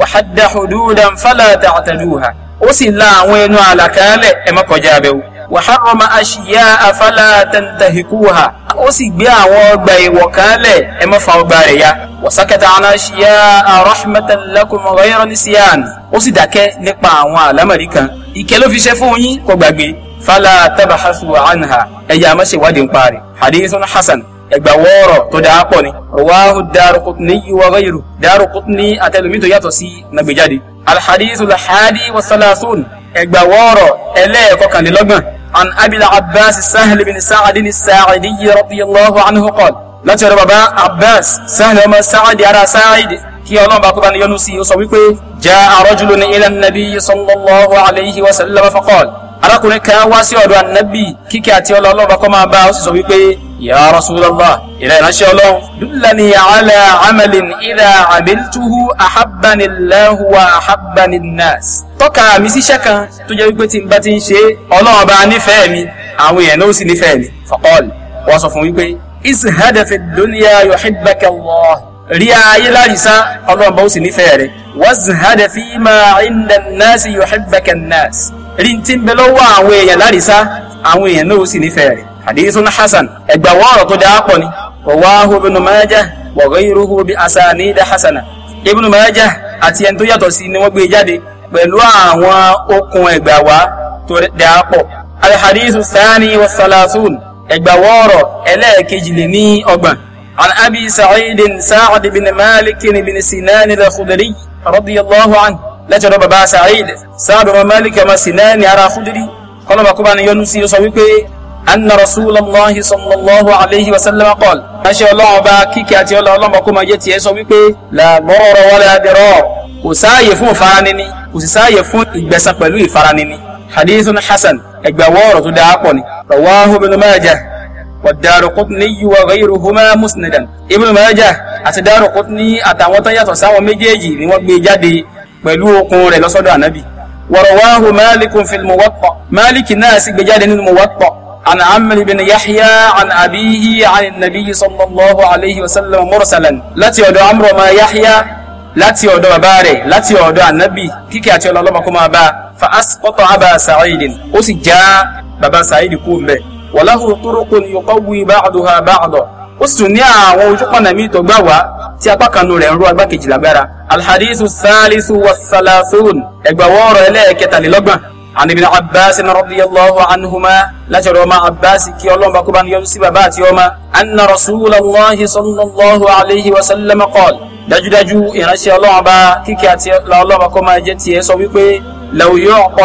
wàhádà hududan fálà tàtàdúhà ó sì la àwọn ẹnu àlàkálẹ̀ ẹ̀ bẹ́ẹ̀ wàhárọ̀mà àṣìyá àfálà tàntàhìkúhà ó sì gbé àwọn ọgbà ìwọ̀ kan lẹ̀ ẹ má fa ọgbà rẹ̀ ya wàsákẹ́tà anáṣíyá arahmatan lakum ghayra nisyan ó sì dákẹ́ nípa àwọn àlámọ̀rí kan ìkẹ́ ló fi ṣe fún yín kó gbàgbé fala tabahasu anha ẹ̀yà má ṣe ń parí hadithun hasan ẹgbà wọ́ọ̀rọ̀ tó dáa pọ̀ ni rọwáhu darukutni wa ghayru darukutni عن أبي العباس سهل بن سعد الساعدي رضي الله عنه قال لا ترى بابا عباس سهل بن سعد على ساعد kí ọlọ́run bá kó bá ní yọ́nú sí i ó sọ wípé jaa rajulun ila an-nabi sallallahu alayhi wa sallam faqala arákùnrin kan wá sí ọ̀dọ̀ anabi kíkẹ́ àti ọlọ́run bá kọ́ máa bá ó sì sọ wípé ya rasulallah ìrẹ́ ìránṣẹ́ ọlọ́run dullani ala amalin idha amiltuhu ahabbanillahu wa ahabbaninnas. tọ́ka mi síṣẹ́ kan tó jẹ́ wípé tí n bá ti ń ṣe ọlọ́run bá nífẹ̀ẹ́ mi àwọn èèyàn náà sì nífẹ̀ẹ́ mi faqal wọ́n sọ fún wípé ishad fi dunya yuhibbaka allah rí ayé láyìísá ọlọ́run bá ó sì nífẹ̀ẹ́ rẹ̀ wazhad fi ma inda nnaasi yuhibbaka nnaas rí ti ń bẹ lọ́wọ́ àwọn èèyàn lárísá àwọn èèyàn náà ó sì nífẹ̀ẹ́ rẹ̀ hadithun hasan ẹgbà wọ́ọ̀rọ̀ tó dáa pọ̀ ni rawahu ibn majah wa ghayruhu bi asanida hasana ibn majah àti ẹni tó yàtọ̀ sí ni wọ́n gbé jáde pẹ̀lú àwọn okùn ẹgbà wá tó dáa pọ̀ alhadithu thani wa salasun ẹgbà wọ́ọ̀rọ̀ ẹlẹ́ẹ̀kejì lé ní ọgbọ̀n عن أبي سعيد سعد بن مالك بن سنان الخدري رضي الله عنه lẹ́tọ̀dọ̀ baba Sa'id sáàdùn Malik Masinani ara Khudri kọ́lọ́ba kó bá ní yọnu sí i sọ wípé anna Rasulullahi sallallahu alayhi wa sallam qal ránṣẹ́ ọlọ́run bá kíkẹ́ àti ọlọ́run kó máa jẹ́ tiẹ̀ sọ wípé la darara wala dirar kò sáàyè fún ìfaranini kò sì sáàyè fún ìgbẹ̀san pẹ̀lú ìfaranini hadithun hasan ẹgbẹ̀wọ́ ọ̀rọ̀ tó dáa pọ̀ ni rawahu ibn Majah wàdàrùkútùní wa ghayruhuma musnadan ibn Majah àti dàrùkútùní àtàwọn tó yàtọ̀ sáwọn méjèèjì ni wọ́n gbé jáde pẹ̀lú okun rẹ̀ lọ́sọ́dọ̀ ànábì wọ̀rọ̀wáhù máàlìkùn fil muwatta máàlìkì náà sì gbé nínú muwatta عن عمرو بن يحيى عن أبيه عن النبي صلى الله عليه وسلم مرسلا láti ọ̀dọ̀ عمرو ما يحيى láti ọ̀dọ̀ bàbá rẹ̀ láti ọ̀dọ̀ ànábì kíkẹ́ àti ọlọ́lọ́mọ kó máa bá fa asqata aba sa'idin ó sì já bàbá sa'id kú mbẹ́ walahu turuqun yuqawwi ba'duha ba'da ó sì tún ní àwọn ojúpọ̀nà míì tó gbà wá tí apá kanu rẹ̀ ń rú agbá kejì lágbára. alhadisu salisu wasalasun ẹgbàwọ́ ọ̀rọ̀ ẹlẹ́ẹ̀kẹtàlélọ́gbọ̀n an ibn abbas radiyallahu anhuma láti ọ̀rọ̀ ọmọ kí ọlọ́run kó bá ní yọjú sí bàbá àti ọmọ anna rasulallahi sallallahu alayhi wa sallam qala dájúdájú ìránṣẹ́ ọlọ́run kíkẹ́ àti ọlọ́run kó máa jẹ́ tiẹ̀ sọ wípé law yu'qa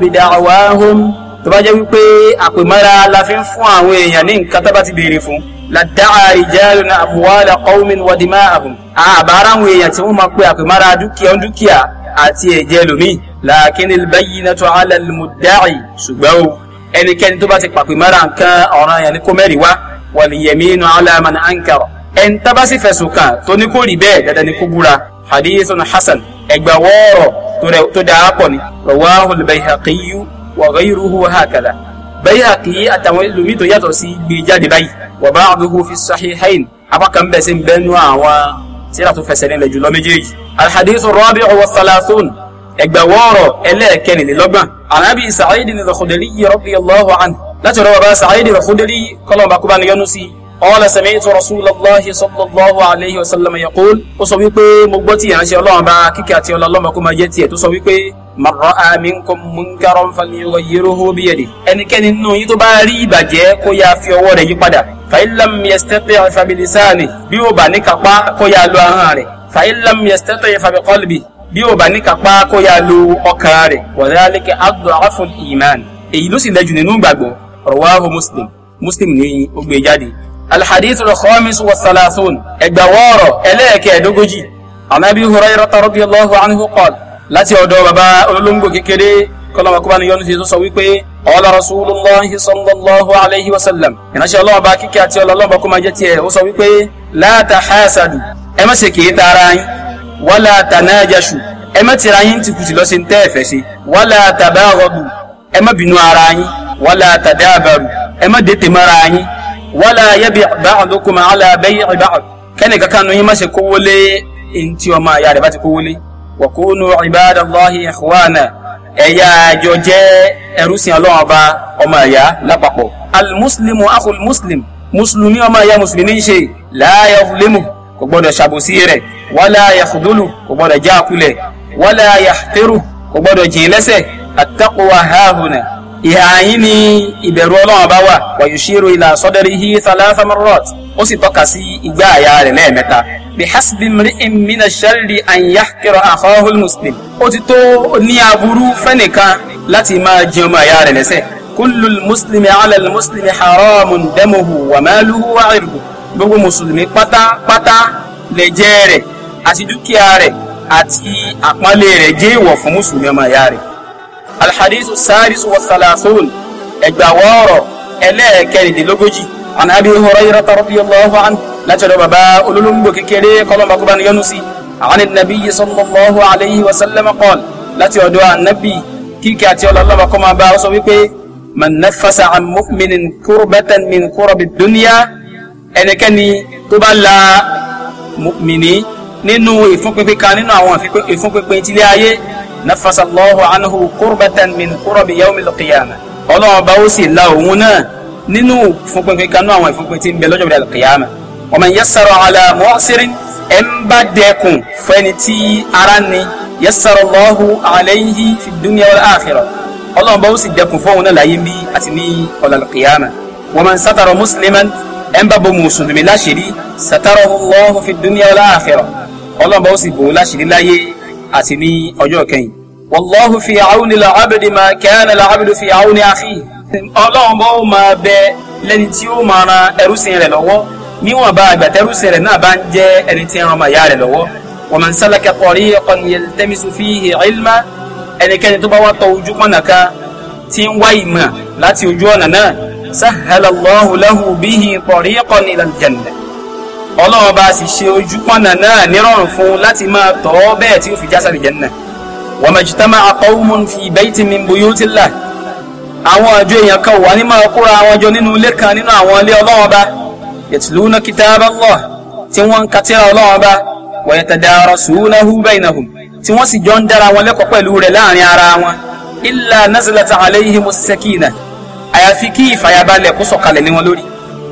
bi da'wahum tó bá jẹ́ wípé àpèmọ́ra la fi ń fún àwọn èèyàn ní nǹkan tó bá ti béèrè fún lada'a rijalun amwala qaumin wa dima'ahum àbára àwọn èèyàn tí wọ́n máa pe àpèmára dúkìá dúkìá àti ẹ̀jẹ̀ lómi lakinil bayyinatu ala al-mudda'i ṣùgbọ́n o ẹnikẹ́ni tó bá ti pàpèmára nǹkan ọ̀ràn yẹn ní kó mẹ́rin wá wal yaminu ala man ankara ẹni tá bá sì fẹ̀sùn kàn tó ní kó rí bẹ́ẹ̀ dandan ní kó hadithun hasan ẹgbà wọ́ọ̀rọ̀ tó dáa pọ̀ ni rawahu al-bayhaqiyu wa ghayruhu hakadha Bayhaqi àtàwọn ẹlòmíì tó yàtọ̀ sí gbé jáde báyìí wa ba'duhu fi sahihayn apákan bẹ́ẹ̀ sí bẹ́ẹ̀ nú àwọn tíra tó fẹsẹ̀ nílẹ̀ jùlọ méjèèjì. alhadith rabi'u wa thalathun ẹgbẹ̀wọ́ọ̀rọ̀ ẹlẹ́ẹ̀kẹrìnlélọ́gbọ̀n anabi Sa'id al-Khudri radiyallahu anhu láti rọ bàbá Sa'id al-Khudri kọ́lọ́ọ̀bà sí i قال سمعت رسول الله صلى الله عليه وسلم يقول ó sọ wípé mo gbọ́ tí ìránṣẹ́ ọlọ́run bá kíkẹ́ àti ọlọ́run kó máa jẹ́ tiẹ̀ tó sọ wípé man ra'a minkum munkaran falyughayyirhu biyadihi ẹnikẹ́ni nínú yín tó bá rí ìbàjẹ́ kó yá fi ọwọ́ rẹ̀ yí padà fa in lam bí ó bá ní kápá kó yá lo ahọ́n rẹ̀ fa in lam bí ó bá ní kápá kó yá lo ọkàn rẹ̀ wa dhalika ad'aful iman èyí ló sì lẹ́jù nínú gbàgbọ́ rawahu Muslim Muslim ní ó jáde alhadithu al-khamis wa thalathun ẹgbàwọ́ọ̀rọ̀ ẹlẹ́ẹ̀kẹ́ẹ̀dógójì anabi hurayrata radiyallahu anhu qala láti ọ̀dọ̀ baba olólùgbò kékeré kọlọ́mọ kọ́ba ni yọ́nu ti sọ wípé ọ̀la rasulullahi sallallahu alayhi wa sallam ìránṣẹ́ ọlọ́wọ́ bá kíkẹ́ àti ọlọ́wọ́ kó máa jẹ́ tiẹ̀ ó sọ wípé la tahasadu ẹ má ṣe kìí tara yín wala tanajashu ẹ má tira yín ti kùtì lọ́sẹ̀ ń tẹ́ ẹ̀fẹ́ ṣe wala tabaghadu ẹ má bínú ara yín wala tadabaru ẹ má dé tèmọ́ra yín wala yabi ba'dukum ala bay'i ba'd kẹ́ni kankan nu yín má ṣe kówó lé ntí ọmọ àyà rẹ̀ bá ti kówó lé wa kunu ibadallahi ikhwana ẹ̀yà àjọ jẹ́ ẹrúsìn ọlọ́run ọba ọmọ àyà lápapọ̀ almuslimu akhul muslim musulumi ọmọ àyà musulumi ṣe la yuzlimu kò gbọ́dọ̀ ṣàbòsí rẹ̀ wala yakhdulu kò gbọ́dọ̀ já wala yahtiru kò gbọ́dọ̀ jìn lẹ́sẹ̀ at-taqwa ìhà yín ni ìbẹ̀rù ọlọ́run bá wà wàyùsírò ìlà sọ́dẹ̀rìhì thalatha marrat ó sì tọ́ka sí igbá àyà rẹ̀ lẹ́ẹ̀mẹ́ta bihasbi mri'in mina sharri an yahqira akhahul muslim ó ti tó ní aburú fẹ́nìkan láti máa jẹun ọmọ àyà rẹ̀ lẹ́sẹ̀ kullu muslimi ala muslimi haramun damuhu wa maluhu wa irdu gbogbo mùsùlùmí pátápátá lè jẹ́ rẹ̀ àti dúkìá rẹ̀ àti àpọ́nlé rẹ̀ jẹ́ ìwọ̀ fún mùsùlùmí ọmọ àyà rẹ̀ alhadisu sadisu wa salasun ẹgbàwọ́ ọ̀rọ̀ ẹlẹ́ẹ̀kẹrìndínlógójì an abi hurayra radiyallahu anhu látọ̀dọ̀ bàbá olólùmbò kékeré kọlọ́mọkúbá ni yọnu sí àwọn nàbí sallallahu alayhi wa sallam qal láti ọ̀dọ̀ ànábì kíkẹ́ àti ọlọ́lọ́mọ kọ́ máa bá ọ sọ wípé man nafasa an mu'minin kurbatan min kurabi dunya ẹnikẹ́ni tó bá la mu'mini nínú ìfúnpinpin kan nínú àwọn ìfúnpinpin tilé ayé nafasa Allahu anhu kurbatan min kurabi yawmi al-qiyama ọlọ́run ọba ó sì la òun náà nínú ìfúnpinpin kanú àwọn ìfúnpin tí ń bẹ lọ́jọ́ ìdàlẹ̀ kìyàmà wa man yassara ala mu'sirin ẹ̀ ń bá dẹkùn fẹ́ni tí alayhi fi dunya wal akhirah ọlọ́run ọba ó sì dẹkùn náà láyé bí àti ní ọ̀làlẹ̀ kìyàmà wa man satara musliman ẹ̀ bo mùsùlùmí láṣìírí satarahu Allahu fi dunya wal akhirah ọlọ́run ọba ó sì bò ó àti ní ọjọ́ kẹyìn. wàlláhu fi àwùni làbẹ̀dì máa kẹ́hánà làbẹ̀dì fi àwùni àfi. ọlọ́run bá ó máa bẹ lẹ́ni tí ó máa ran ẹrúsìn rẹ̀ lọ́wọ́ níwọ̀nba àgbàtẹ́rúsìn rẹ̀ náà bá ń jẹ́ ẹni tí ń ran màyá rẹ̀ lọ́wọ́. ومن سلك طريقا يلتمس فيه علما ẹnikẹ́ni tó bá wá tọ ojú pọ̀nà kan tí ń wá ìmọ̀ láti ojú ọ̀nà náà سهل الله له به طريقا إلى الجنة ọlọ́run bá sì ṣe ojú pọ́nà náà nírọ̀rùn fún láti máa tọ̀ ọ́ bẹ́ẹ̀ tí ó fi jásàlì jẹ́nà wa majtama'a qawmun fi baytin min buyutillah àwọn àjọ èèyàn kan wà ní máa kóra àwọn jọ nínú ilé kan nínú àwọn ilé ọlọ́run bá yatluna kitaballah tí wọ́n ń ka tírà ọlọ́run bá wa yatadarasunahu baynahum tí wọ́n sì jọ ń dára wọn lẹ́kọ̀ọ́ pẹ̀lú rẹ̀ láàrin ara wọn illa nazalat alayhimus sakinah àyàfi kí ìfàyàbalẹ̀ kó sọ̀kalẹ̀ ní wọn lórí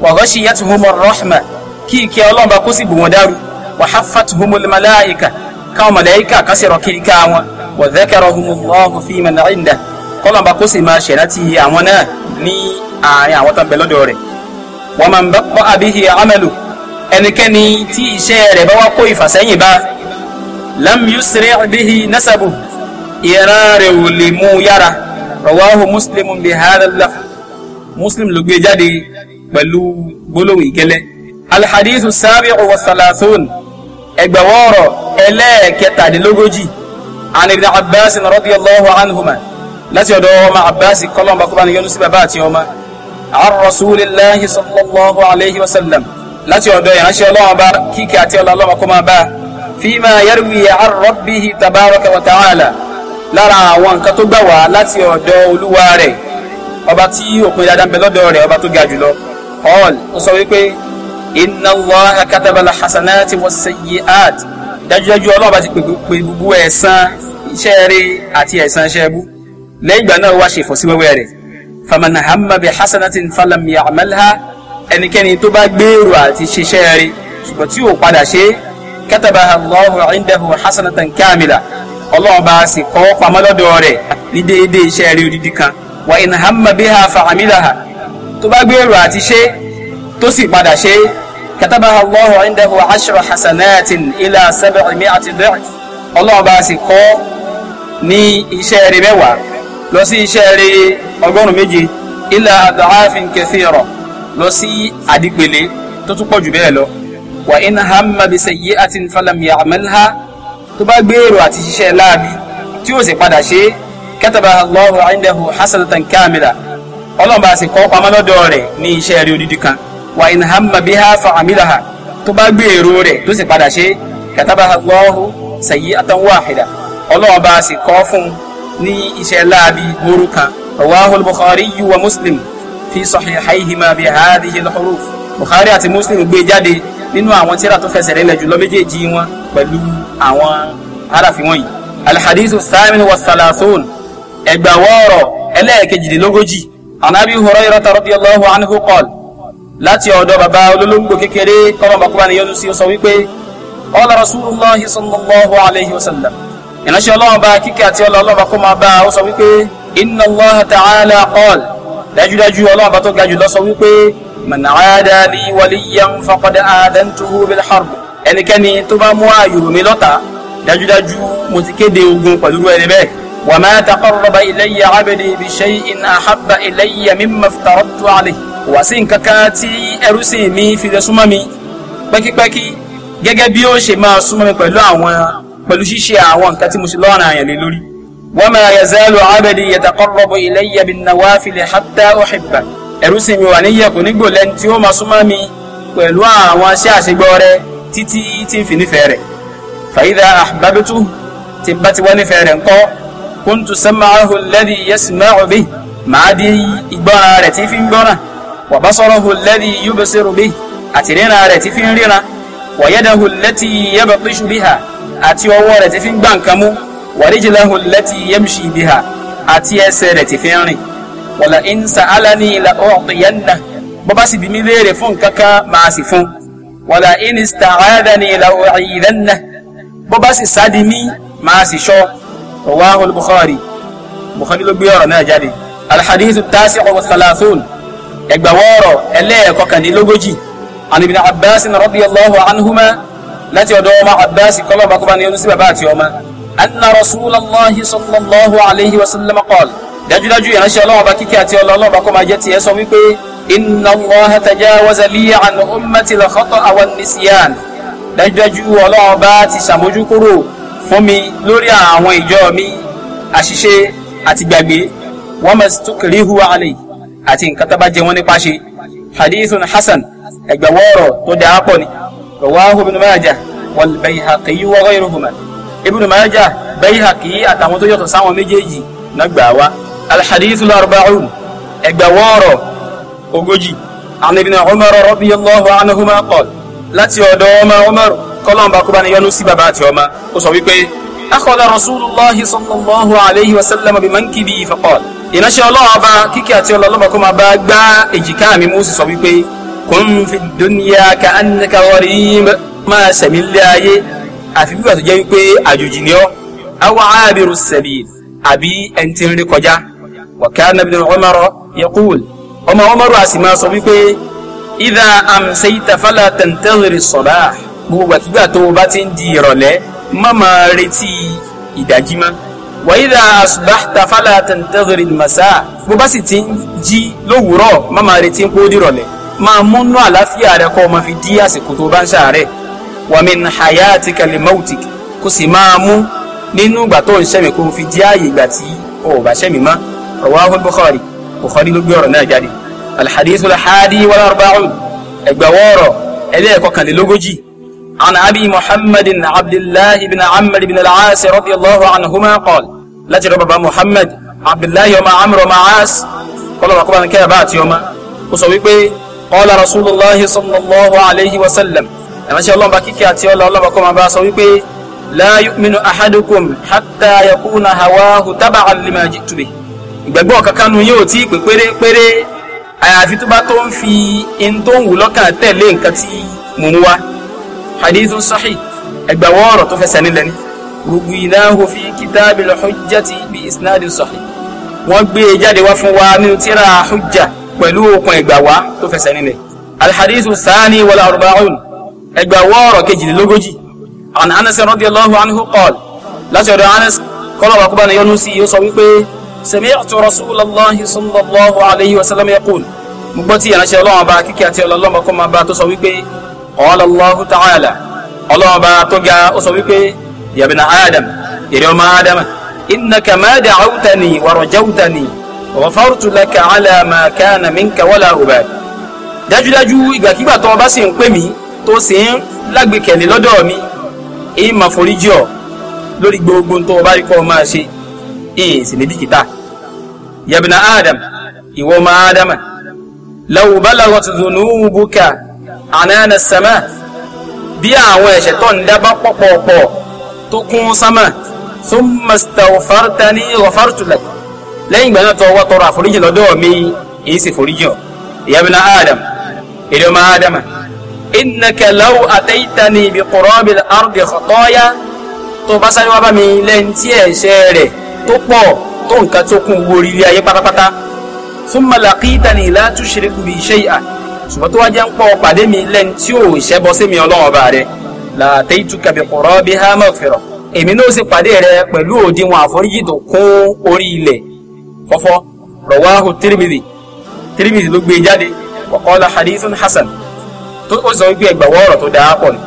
wa ghashiyatuhumur rahmah kí ìkẹ́ ọlọ́mọba kó sì bù wọn dárú wa haffatuhumul malaika káwọn màláíkà kásìrọ̀ kiri ká wọn wa dhakarahumullahu fi man indah kọ́lọ́mọba kó sì máa ṣèrántí àwọn náà ní àárín àwọn tó ń bẹ lọ́dọ̀ rẹ̀ wa man baqa bihi amalu ẹnikẹ́ni tí iṣẹ́ rẹ̀ bá wá kó ìfàsẹ́yìn bá lam yusri' bihi nasabu ìran rẹ̀ alhadithu sabi'u wa salasun ẹgbẹ̀wọ́rọ̀ ẹlẹ́ẹ̀kẹtàdínlógójì an ibn abbas radiyallahu anhuma láti ọ̀dọ̀ ọmọ abbas kọlọmba kọba ni yọnusi bàbá àti ọmọ an rasulillahi sallallahu alayhi wa sallam láti ọ̀dọ̀ ìránṣẹ́ ọlọ́wọ́n bá kíkẹ́ àti ọlọ́wọ́n kọ́ máa bá fima yarwi an rabbihi tabaraka wa ta'ala lára àwọn nǹkan tó gbà wá láti ọ̀dọ̀ olúwa rẹ̀ ọba tí òpin dáadáa bẹ lọ́dọ̀ rẹ̀ ọba tó ga jùlọ ọ̀l ó wípé inna Allaha kataba al-hasanati was-sayyi'at dájúdájú ọlọ́ọ̀bá ti pè gbogbo ẹ̀san iṣẹ́ rere àti ẹ̀san iṣẹ́ ẹbú lẹ́yìn ìgbà náà wá ṣe ìfọ̀síwẹ́wẹ́ rẹ̀ faman hamma bi hasanatin falam ya'malha ẹnikẹ́ni tó bá gbèrò àti ṣiṣẹ́ rere ṣùgbọ́n tí ò padà ṣe katabaha Allahu indahu hasanatan kamila ọlọ́ọ̀bá sì kọ́ pamọ́ rẹ̀ ní déédéé iṣẹ́ rere odidi kan wa in hamma biha fa'amilaha tó bá gbèrò àti ṣe tó sì padà ṣe katabaha Allahu indahu ashra hasanatin ila sab'imi'ati da'f ọlọ́run bá sì kọ́ ní iṣẹ́ rẹ̀ mẹ́wàá lọ sí iṣẹ́ rẹ̀ ọgọ́rùn-ún méje ila ad'afin kathira lọ sí àdìgbèlé tó tún pọ̀ jù bẹ́ẹ̀ lọ wa in hamma bi sayyi'atin falam ya'malha tó bá gbèrò àti ṣiṣẹ́ láàbí tí ó sì padà ṣe katabaha Allahu indahu hasanatan kamila ọlọ́run bá sì kọ́ pamọ́ lọ́dọ̀ rẹ̀ ní iṣẹ́ rẹ̀ odidi kan wa in hamma biha fa amilaha tó bá gbé èrò rẹ̀ tó sì padà ṣe katabaha Allahu sayyi'atan wahida ọlọ́run bá sì kọ fún ní iṣẹ́ láabi burú kan rawahu al-bukhari wa muslim fi sahihayhima bi hadhihi al-huruf bukhari àti muslim gbé e jáde nínú àwọn tíra tó fẹsẹ̀ rẹ̀ lẹ́jù lọ méjèèjì wọn pẹ̀lú àwọn aráàfin wọ̀nyí. alhadithu thamin wa thalathun ẹgbàwọ́ ẹlẹ́ẹ̀kejìdínlógójì anabi hurayrata radiyallahu anhu qala láti ọ̀dọ̀ bàbá olólùgbò kékeré kọ́mọ̀bà kúbà ní yọnu sí ó sọ wípé ọ̀la rasulullahi sallallahu alayhi wa sallam ìránṣẹ́ ọlọ́run bá kíkẹ́ àti ọlọ́run bá kó máa bá ó sọ wípé inna allaha ta'ala qala dájúdájú ọlọ́run bá tó ga jù lọ sọ wípé man aada li waliyan faqad adantuhu bil harb ẹnikẹ́ni tó bá mú ààyò mi lọ́ta dájúdájú mo ti kéde ogun pẹ̀lú kò wá sí nǹkan kan tí ẹrú sìn mi fi lè súnmọ́ mi pẹ́kípẹ́kí gẹ́gẹ́ bí ó ṣe máa súnmọ́ mi pẹ̀lú àwọn pẹ̀lú ṣíṣe àwọn nǹkan tí mo ṣe lọ́rùn àyàn lé lórí. wa ma yazalu abdi yataqarrabu ilayya bin nawafil hatta uhibba ẹrú sìn mi wà níyẹ kò ní gbòlẹ́ tí ó máa súnmọ́ mi pẹ̀lú àwọn aṣẹ́ àṣegbọ́ rẹ títí tí n fi nífẹ̀ẹ́ màá di ìgbọ́ràn rẹ̀ tí fi ń gbọ́ràn wàbásọ́rọ̀hù lẹ́dí yúbẹ̀sẹ̀rù bí àti ríran rẹ̀ ti fi ń ríran wàyẹ́dẹ̀hù lẹ́tí yẹ́bẹ̀ píṣù bí ha àti ọwọ́ rẹ̀ ti fi ń gbà nǹkan mú wàríjìlẹ̀hù lẹ́tí yẹ́mṣì bí ha àti ẹsẹ̀ rẹ̀ ti fi ń rìn wàlà ìnsa alani ilà ọ̀ọ̀kìyànnà bó bá sì bí mi léèrè fún kankan máa sì fún wàlà ìnista àádani ilà ọ̀ọ̀yìnlẹ́nà bó bá sì sádi mí máa sì ṣọ́ rawahu al-bukhari bukhari ló gbé ọ̀rọ̀ náà jáde alhadithu tasi ọ̀wọ̀ salasun ẹgbàwọ́ ọ̀rọ̀ ẹlẹ́ẹ̀kọkànlélógójì an ibn abbas radiyallahu anhuma láti ọ̀dọ̀ ọmọ abbas kọ́lọ́ba kọ́ba ní oníṣẹ́ bàbá àti ọmọ anna rasulallahi sallallahu alayhi wa sallam qal dájúdájú ìránṣẹ́ ọlọ́wọ́ bá kíkẹ́ àti ọlọ́wọ́ bá kọ́ máa jẹ́ tiẹ̀ sọ wípé inna allaha tajawaza li an ummati la khata'a wan dájúdájú ọlọ́wọ́ ti ṣàmójú kúrò fún mi lórí àwọn ìjọ mi àṣìṣe àti gbàgbé wa mastukrihu alayhi àti nǹkan tó bá jẹ wọ́n nípa ṣe hadithun hasan ẹgbẹ̀wọ́ ọ̀rọ̀ tó dáa pọ̀ ni rawahu ibn majah wal bayhaqi wa ghayruhuma ibn majah bayhaqi àtàwọn tó yàtọ̀ sáwọn méjèèjì náà gbà wá alhadithul arba'un ẹgbẹ̀wọ́ ọ̀rọ̀ ogójì an ibn umar radiyallahu anhuma qala láti ọ̀dọ̀ ọmọ umar kọ́lọ́mbà kó yọnu sí bàbá àti ọmọ ó sọ wípé أخذ رسول الله صلى الله عليه وسلم بمنكبي فقال ìránṣẹ́ ọlọ́run ọba kíkẹ́ àti ọlọ́lọ́ba kó máa bá gbá èjìká mi mú sí sọ wípé kun fi dunya ka annaka gharib máa sẹ̀mí lé ayé àfi bí wàá tó jẹ́ wípé àjòjì ni ọ́ awa abiru sabil àbí ẹni tí ń rí kọjá wa kana ibn Umar yaqul ọmọ Umaru a sì máa sọ wípé idha amsayta fala tantazir as-sabah gbogbo àtúgbà tó o bá ti ń di ìrọ̀lẹ́ má máa retí ìdájí mọ́ wa idha asbahta fala tantazir al-masa bó bá sì ti ń jí lówùúrọ̀ má máa retí pé ó dìrọ̀lẹ́ máa múnú àlàáfíà rẹ kọ́ ọ máa fi dí àsìkò tó bá ń ṣàárẹ̀ wa min hayatika li mautik kó sì máa mú nínú ìgbà tó ń ṣẹ̀mí kó fi dí ààyè ìgbà tí ò bá ṣẹ̀mí mọ́ rawahu al-bukhari bukhari ló gbé ọ̀rọ̀ náà jáde al-hadithu al-hadi ẹgbẹ̀wọ́ ọ̀rọ̀ ẹlẹ́ẹ̀kọkànlélógójì عن أبي محمد عبد الله بن عمرو بن العاص رضي الله عنهما قال لا تربى محمد عبد الله يوم عمرو وما عاص قال وقبل كي بات يوم وصويبي قال رسول الله صلى الله عليه وسلم أما شاء الله بكيكي أتي الله الله بكم أبا صويبي لا يؤمن أحدكم حتى يكون هواه تبعا لما جئت به ìgbàgbọ́ kankan nu yóò tí pé pérépéré àyàfi tó bá tó ń fi in tó ń wù lọ́kàn tẹ̀lé nǹkan tí mò ń wá حديث صحيح، ẹgbàwọ́ ọ̀rọ̀ tó fẹsẹ̀ nílẹ̀ ni rubuinahu fi kitabil hujjati bi isnadin sahih wọ́n gbé e jáde wá fún wa nínú tíra hujja pẹ̀lú okùn ẹgbàwá tó fẹsẹ̀ nílẹ̀ alhadithu sani wal arba'un ẹgbàwọ́ ọ̀rọ̀ kejìlélógójì an anas radiyallahu anhu qala látọ̀dọ̀ anas kọ́lọ̀ bàkúbà ni yọnu sí yóò sọ wípé sami'tu rasulallahi sallallahu alayhi wa sallam yaqul mo gbọ́ tí ìránṣẹ́ ọlọ́run bá kíkẹ́ àti ọlọ́run bá kọ́ máa bá tó sọ wípé qala Allahu ta'ala ọlọ́run bá tó ga ó sọ wípé ya ibna adam èrè ọmọ adam innaka ma da'awtani wa rajawtani wa ghafartu laka ala ma kana minka wala ubad dájúdájú ìgbàkigbà tó bá sì ń pè mí tó sì ń lágbèkẹ̀lé lọ́dọ̀ mi èyí máa foríjì ọ́ lórí gbogbo tó o bá rí kọ́ ọ máa ṣe èyí sì ní bìkítà ya ibna adam ìwọ ọmọ adam law balagat dhunubuka ànáàna sẹ́mà bí àwọn ẹ̀ṣẹ̀ tó ń dábàá pọ̀pọ̀pọ̀ tó kún sámà tó mọ̀sítàwọ̀fárta ní ọ̀fártulẹ̀ lẹ́yìn ìgbà náà tó wá tọrọ àforíjì lọ́dọ̀ mi èyí sì foríjì ọ̀ ìyábìnà Adam èrè ọmọ Adam innaka law ataitani bi qurabil ardi khataya tó bá sáré wá bá mi lẹ́yìn tí ẹ̀ṣẹ̀ tó pọ̀ tó nǹkan tó kún wórí ayé pátápátá thumma laqitani la tushriku bi shay'a ṣùgbọ́n tó wá jẹ́ ń pọ̀ pàdé mi lẹ́ni tí ò ṣẹbọ sí mi ọlọ́run ọba rẹ làtẹ́ ìtukà bí kọ̀rọ̀ bí hámà fẹ̀rọ̀ èmi náà sì pàdé rẹ pẹ̀lú òdiwọ̀n àforíjì tó kún orí ilẹ̀ fọ́fọ́ rọ̀wáhù tírímìdì tírímìdì ló gbé e jáde wọ́kọ́lá hadithun hasan tó ó sọ wípé ẹgbàwọ́ ọ̀rọ̀ tó dáa pọ̀ ni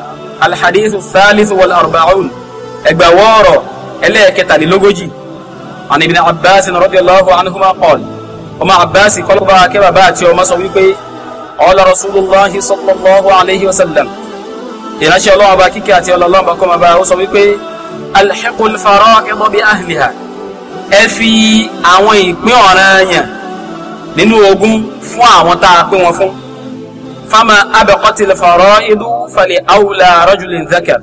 alhadithu thalithu wal arba'un ẹgbàwọ́ ọ̀rọ̀ ẹlẹ́ẹ̀kẹtàlélógójì an ibn abbas radiyallahu anhuma qala ọmọ abbas kọ́lọ́ba akẹ́bàbá àti ọmọ sọ wípé ọlọ rasulullahi sallallahu alayhi wa sallam ìránṣẹ́ ọlọ́wọ́ bá kíkẹ́ àti ọlọ́wọ́ bá kọ́ máa bá ó sọ wípé alḥiqul farā'iḍ bi ahliha ẹ fi àwọn ìpín ọ̀ranyàn nínú ogún fún àwọn tá a pín wọn fún fama abaqatil farā'iḍu fali awla rajulin dhakar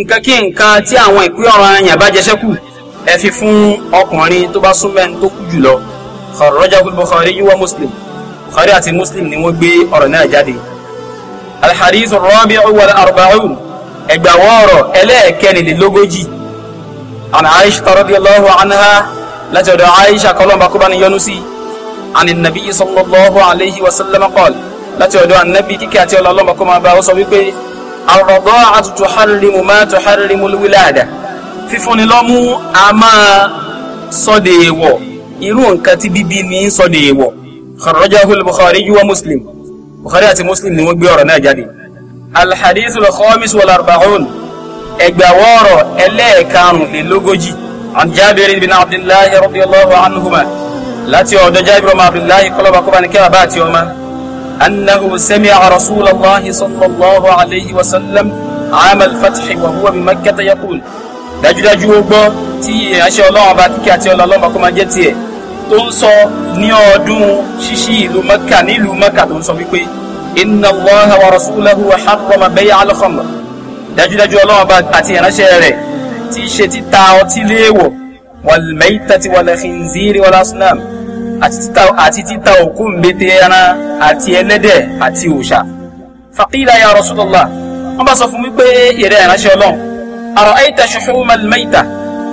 nǹkan kí nǹkan tí àwọn ìpín ọ̀ranyàn bá jẹ sẹ́kù ẹ fi fún ọkùnrin tó bá súnmẹ́ni tó kú jùlọ kharrajahu al-Bukhari wa Muslim. Bukhari àti Muslim ni wọ́n gbé ọ̀rọ̀ náà jáde alhadith rabi'u wal arba'un ẹgbàwọ́ ọ̀rọ̀ ẹlẹ́ẹ̀kẹrìnlélógójì an aisha radiyallahu anha láti ọ̀dọ̀ aisha kọlọ́mbà kó bá ní yọ́nú sí an nabi sallallahu alayhi wa sallam qal láti ọ̀dọ̀ annabi kíkẹ́ àti ọlọ́lọ́mbà kó máa bá ó sọ wípé ar-rada'atu tuharrimu ma tuharrimu al-wilada fífúnni lọ́mú a máa sọ́dẹ̀ èèwọ̀ irú nǹkan tí bíbí ní sọ́dẹ̀ èèwọ̀ kharrajahu al-bukhari wa muslim bukhari àti muslim ni wọ́n gbé ọ̀rọ̀ náà jáde alhadithu al-khamis wal arba'un ẹgbàwọ́rọ̀ ẹlẹ́ẹ̀karùnlélógójì an jabir bin abdullahi radiyallahu anhuma láti ọ̀dọ̀ jabir bin abdullahi kọlọ́ba kọba ní kẹ́wàá bá àti ọmọ annahu sami'a rasulallahi sallallahu alayhi wa sallam amal fathi wa huwa bi makkata yaqul dájúdájú ó gbọ́ tí ìránṣẹ́ ọlọ́run bá kíkẹ́ àti ọlọ́run bá kó máa jẹ́ tiẹ̀ tó ń sọ ní ọdún ṣíṣí ìlú mẹ́kà nílùú mẹ́kà tó ń sọ wípé inna allaha wa rasulahu wa harrama bay'a al-khamr dájúdájú ọlọ́run bá àti ìránṣẹ́ rẹ̀ tí í ṣe títa ọtí léèwọ̀ wal-maytati wal-khinziri wal-asnam àti títa òkú mbete ẹran àti ẹlẹ́dẹ̀ àti òòṣà faqila ya rasulallah wọ́n bá sọ fún wípé ìrẹ́ ìránṣẹ́ ọlọ́run ara'ayta shuhuma al-mayta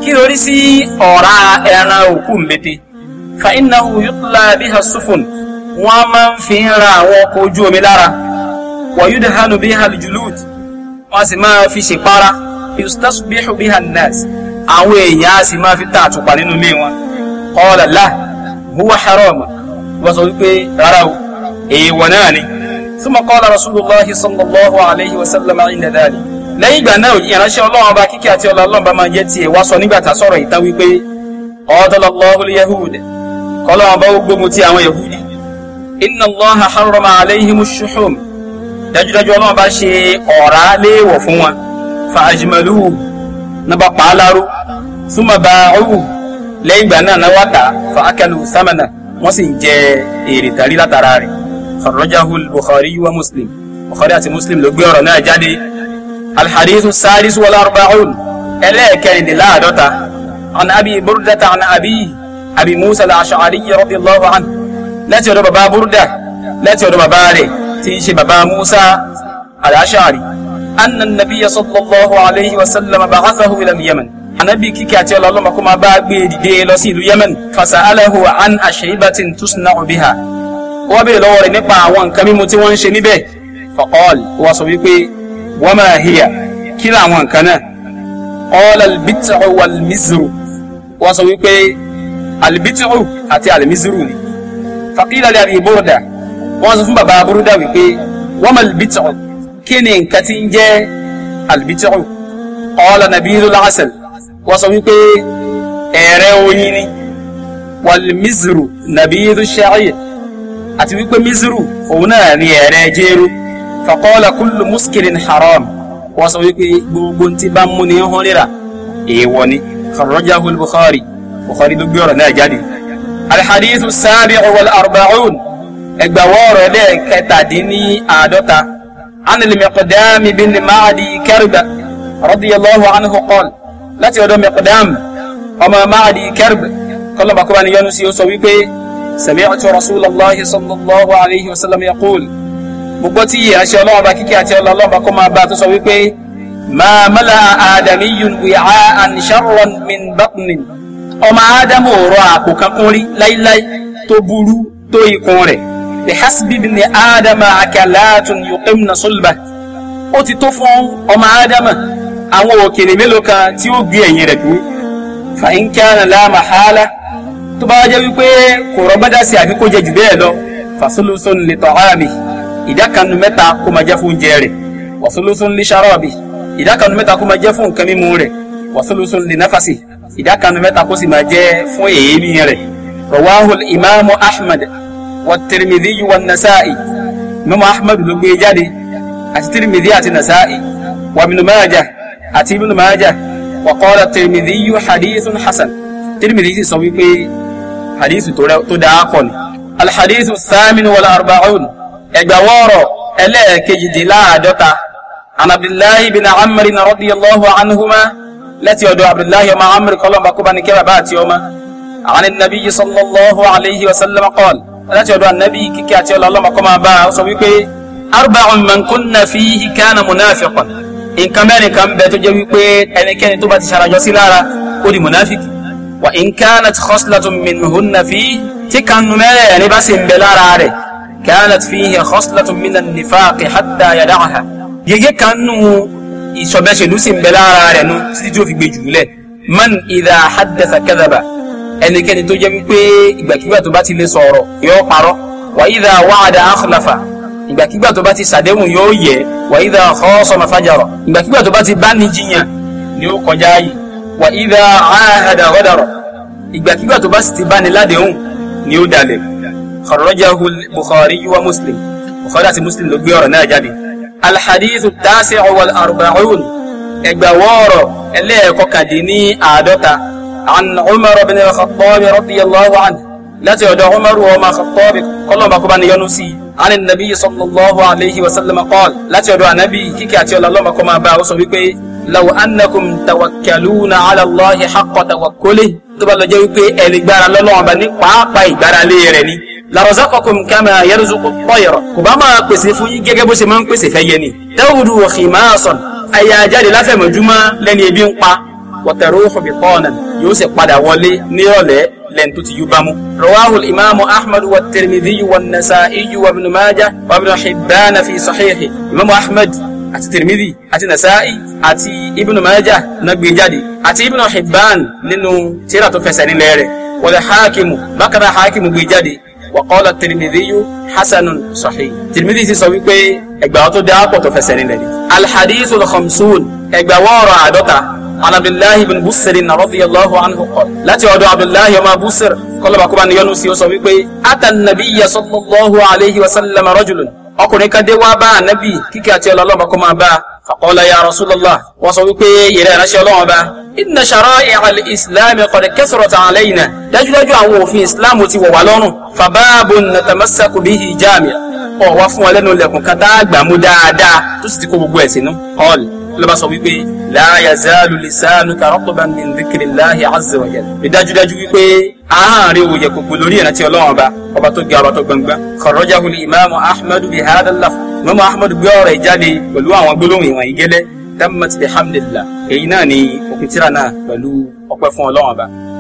kí lórí sí ọ̀rá ẹran òkú mbete fa innahu yutla biha sufun wọ́n a máa ń fi ń ra àwọn ọkọ̀ ojú omi lára wa yudhanu biha aljulud wọ́n sì máa fi ṣèpara yustasbihu biha annas àwọn èèyàn a sì máa fi ta àtùpà nínú ilé wọn qala huwa haram wọ́n sọ wípé rárá o èèwọ̀ náà ni thumma qala rasulullahi sallallahu alayhi wa sallam inda dhalik lẹ́yìn ìgbà náà ìránṣẹ́ ọlọ́run ọba kíkẹ́ àti ọlọ́run ọba máa jẹ́ tiẹ̀ wá sọ nígbà tá a sọ̀rọ̀ ìtàn wípé ọ̀dọ́lọ́lọ́hùn yahud kọ́lọ́ ọba ó gbógun ti àwọn yahudi inna allaha harrama alayhim shuhum dájúdájú ọlọ́run bá ṣe ọ̀rá léèwọ̀ fún wọn fa ajmaluhu náà bá pa á láró súnmọ́ bá ọ̀hún lẹ́yìn ìgbà náà náà wá tà fa akalu samana wọ́n sì ń jẹ èrè tàrí látara rẹ̀ kharrajahu bukhari wa muslim bukhari àti muslim ló gbé ọ̀rọ̀ náà jáde alhadithu sadis wal arba'un ẹlẹ́ẹ̀kẹrìndínláàdọ́ta ọ̀nà abi burdata ọ̀nà abi yìí. Abi Musa al-Ash'ari radiyallahu anhu láti ọ̀dọ̀ bàbá Burda láti ọ̀dọ̀ bàbá rẹ̀ tí í ṣe bàbá Musa al-Ash'ari anna nabiyya sallallahu alayhi wa sallam ba'athahu ila Yemen anabi kíkẹ́ àti ọlọ́lọ́mọ kó máa bá gbé dìde lọ sí ìlú Yemen fasa'alahu an ashribatin tusna'u biha wọ́n béèrè lọ́wọ́ rẹ̀ nípa àwọn nǹkan mímu tí wọ́n ń ṣe níbẹ̀ faqal wọ́n sọ wípé wa ma hiya kí làwọn nǹkan náà qala al-bit'u wal-mizru wọ́n sọ wípé alibitiru àti alimiziru ni faqila li abi burda wọ́n sọ fún baba burda wípé wọ́n ma alibitiru kí ni nǹkan tí ń jẹ́ alibitiru qala nabiru lásìl wọ́n sọ wípé ẹ̀rẹ́ oyin ni walimiziru nabiru sha'ir àti wípé miziru òun náà ni ẹ̀rẹ́ jẹ́rú faqala kullu muskirin haram wọ́n sọ wípé gbogbo ti bá ń hún rírà èèwọ̀ ni kharrajahu al Bukhari ló gbé ọ̀rọ̀ náà jáde. alhadithu sabi wal arba'un ẹgbàwọ́ ọ̀rọ̀ lẹ́ẹ̀kẹtàdínní àádọ́ta anil miqdam bin maadi kerba radiyallahu anhu qol láti ọ̀dọ̀ miqdam ọmọ maadi kerba kọ́lọ́mà kọ́ba ni yọnu sí ó sọ wípé sami'tu rasulallah sallallahu alayhi wa sallam yaqul gbogbo tí yìí àṣẹ ọlọ́wọ́ bá kíkẹ́ àti ọlọ́wọ́ bá kọ́ máa bá a tó sọ wípé ma mala min batnin ọmọ ádámù ọ̀rọ̀ àpò kankan rí láíláí tó burú tó ikùn rẹ̀ bi hasbi ibn ádámù akalatun yuqimna sulba ó ti tó fún ọmọ ádámù àwọn òkèlè mélòó kan tí ó gbé ẹ̀yìn rẹ̀ dúró fa in kana la mahala tó bá jẹ́ wípé kò rọ́gbọ́dá sí àfi kó jẹ jù bẹ́ẹ̀ lọ fasulusun li ta'ami ìdá kan nu mẹ́ta kó máa jẹ́ fún oúnjẹ rẹ̀ wasulusun li sharabi ìdá kan nu mẹ́ta kó máa jẹ́ fún nǹkan mímu rẹ̀ wasulusun li nafasi ìdákanu mẹ́ta kó sì máa jẹ́ fún èémí rẹ̀ rawahul imaamu ahmed wa tirimidi wa nasa'i imaamu ahmed ló gbé e jáde àti tirimidi àti nasa'i wa ibn majah àti ibn majah wa qala tirimidi yu hadithun hasan tirimidi sì sọ wípé hadithu tó dáa kọ́ ni alhadithu thamin wal arba'un ẹgbàwọ́rọ̀ ẹlẹ́ẹ̀kejìdínláàdọ́ta an abdullahi bin amr radiyallahu anhuma láti ọ̀dọ̀ abdullahi ọmọ amr kọlọmba kó bá ní kẹ́ bàbá àti ọmọ àwọn nabi sallallahu alayhi wa sallam qala láti ọ̀dọ̀ anabi kíkẹ́ àti ọlọ́mọ kọ́ máa bá a sọ wípé arba'un man kunna fihi kana munafiqan nǹkan mẹ́rin kan bẹ tó jẹ́ wípé ẹnikẹ́ni tó bá ti ṣarajọ sí lára ó di munafiki wa in kanat khoslatun minhunna fihi tí kan mẹ́rẹ̀ ẹni bá sì ń bẹ lára rẹ̀ kanat fihi khoslatun minan nifaqi hatta yada'aha gẹ́gẹ́ kan nù ìsọ̀bẹ́sẹ̀lú sì ń bẹ lára rẹ̀ nu títí tí ó fi gbé jù lẹ̀ man idha hadatha kadhaba ẹnikẹ́ni tó jẹ́ wípé ìgbàkigbà tó bá ti lè sọ̀rọ̀ yóò parọ́ wa idha wa'ada ìgbàkigbà tó bá ti sàdéhùn yóò yẹ wa idha khasama ìgbàkigbà tó bá ti bá ní jiyàn ni ó kọjá yìí wa idha ahada ìgbàkigbà tó bá sì ti bá ní ládéhùn ni ó dalẹ̀ kharrajahu Bukhari wa Muslim Bukhari àti Muslim ló gbé ọ̀rọ̀ náà jáde alhadithu tasi wal arba'un ẹgbẹ̀wọ́ọ̀rọ̀ ẹlẹ́ẹ̀kọkàdínní àádọ́ta an umar bin al-khattab radiyallahu anhu láti ọ̀dọ̀ umar wa ma khattab kọ́lọ̀ bá kó bá níyanu sí an nabi sallallahu alayhi wa sallam qal láti ọ̀dọ̀ anabi kíkẹ́ àti ọ̀là lọ́mọ kọ́ máa bá a sọ wípé law annakum tawakkaluna ala allahi haqqa tawakkuli tó bá lọ jẹ́ wípé ẹni gbára lọ́lọ́wọ́n bá ní ni larazaqakum kama yarzuqu at-tayra kò bá máa pèsè fún yín gẹ́gẹ́ bó ṣe máa ń pèsè fẹ́ yẹ ni. tawudu khimasan aya jáde láfẹ̀mọ́júmọ́ lẹ́ni ebi ń pa wataruhu bitana yóò sì padà wọlé nírọ̀lẹ́ lẹ́nu tó ti yú bámú. rawahul imaamu ahmadu wa tirmidhi wa nasa'i wa ibn majah wa ibn hibban fi sahihi imaamu ahmad àti tirmidhi àti nasa'i àti ibn majah nagbe jáde àti ibn hibban nínú tírà tó fẹsẹ̀ nílẹ̀ rẹ̀ wala hakimu bákan náà hakimu gbé jáde wàkọ́lá tìrìmìdíyù hasanun sahih tìrìmìdí ti sọ wípé ẹgbàá tó dáa pọ̀ tó fẹsẹ̀ nílẹ̀ ni. alhadisu khamsun ẹgbàá ọ̀rọ̀ àádọ́ta anabdullahi ibn busiri na radiyallahu anhu qala láti ọ̀dọ̀ abdullahi ọmọ busir kọlọba kọba níyanu sí ó sọ wípé atan nabiyya sallallahu alayhi wa sallam rajulun ọkùnrin kan dé wá bá anabi kíkẹ́ àti ọlọ́lọ́ba bá a faqala ya rasulallah wọ́n sọ wípé ìrẹ́ ránṣẹ́ ọlọ́run ọba inna shara'i' al-islam qad kathurat alayna dájúdájú àwọn òfin islam ti wọ̀ wá lọ́rùn fababun natamassaku bihi jami' ọ̀ wá fún wa lẹ́nu ilẹ̀kùn kan tá a gbà mú dáadáa tó sì ti kó gbogbo ẹ̀ sínú. hall ló bá sọ wípé la yazalu lisanuka ratban min dhikrillahi azza mọ́mọ́ ahmed gbé ọ̀rọ̀ ẹ̀ jáde pẹ̀lú àwọn gbólóhùn ìwọ̀n ìgẹ́lẹ́ tammat bihamdillah èyí náà ni òkè tíra náà pẹ̀lú ọpẹ́ fún ọlọ́run ọba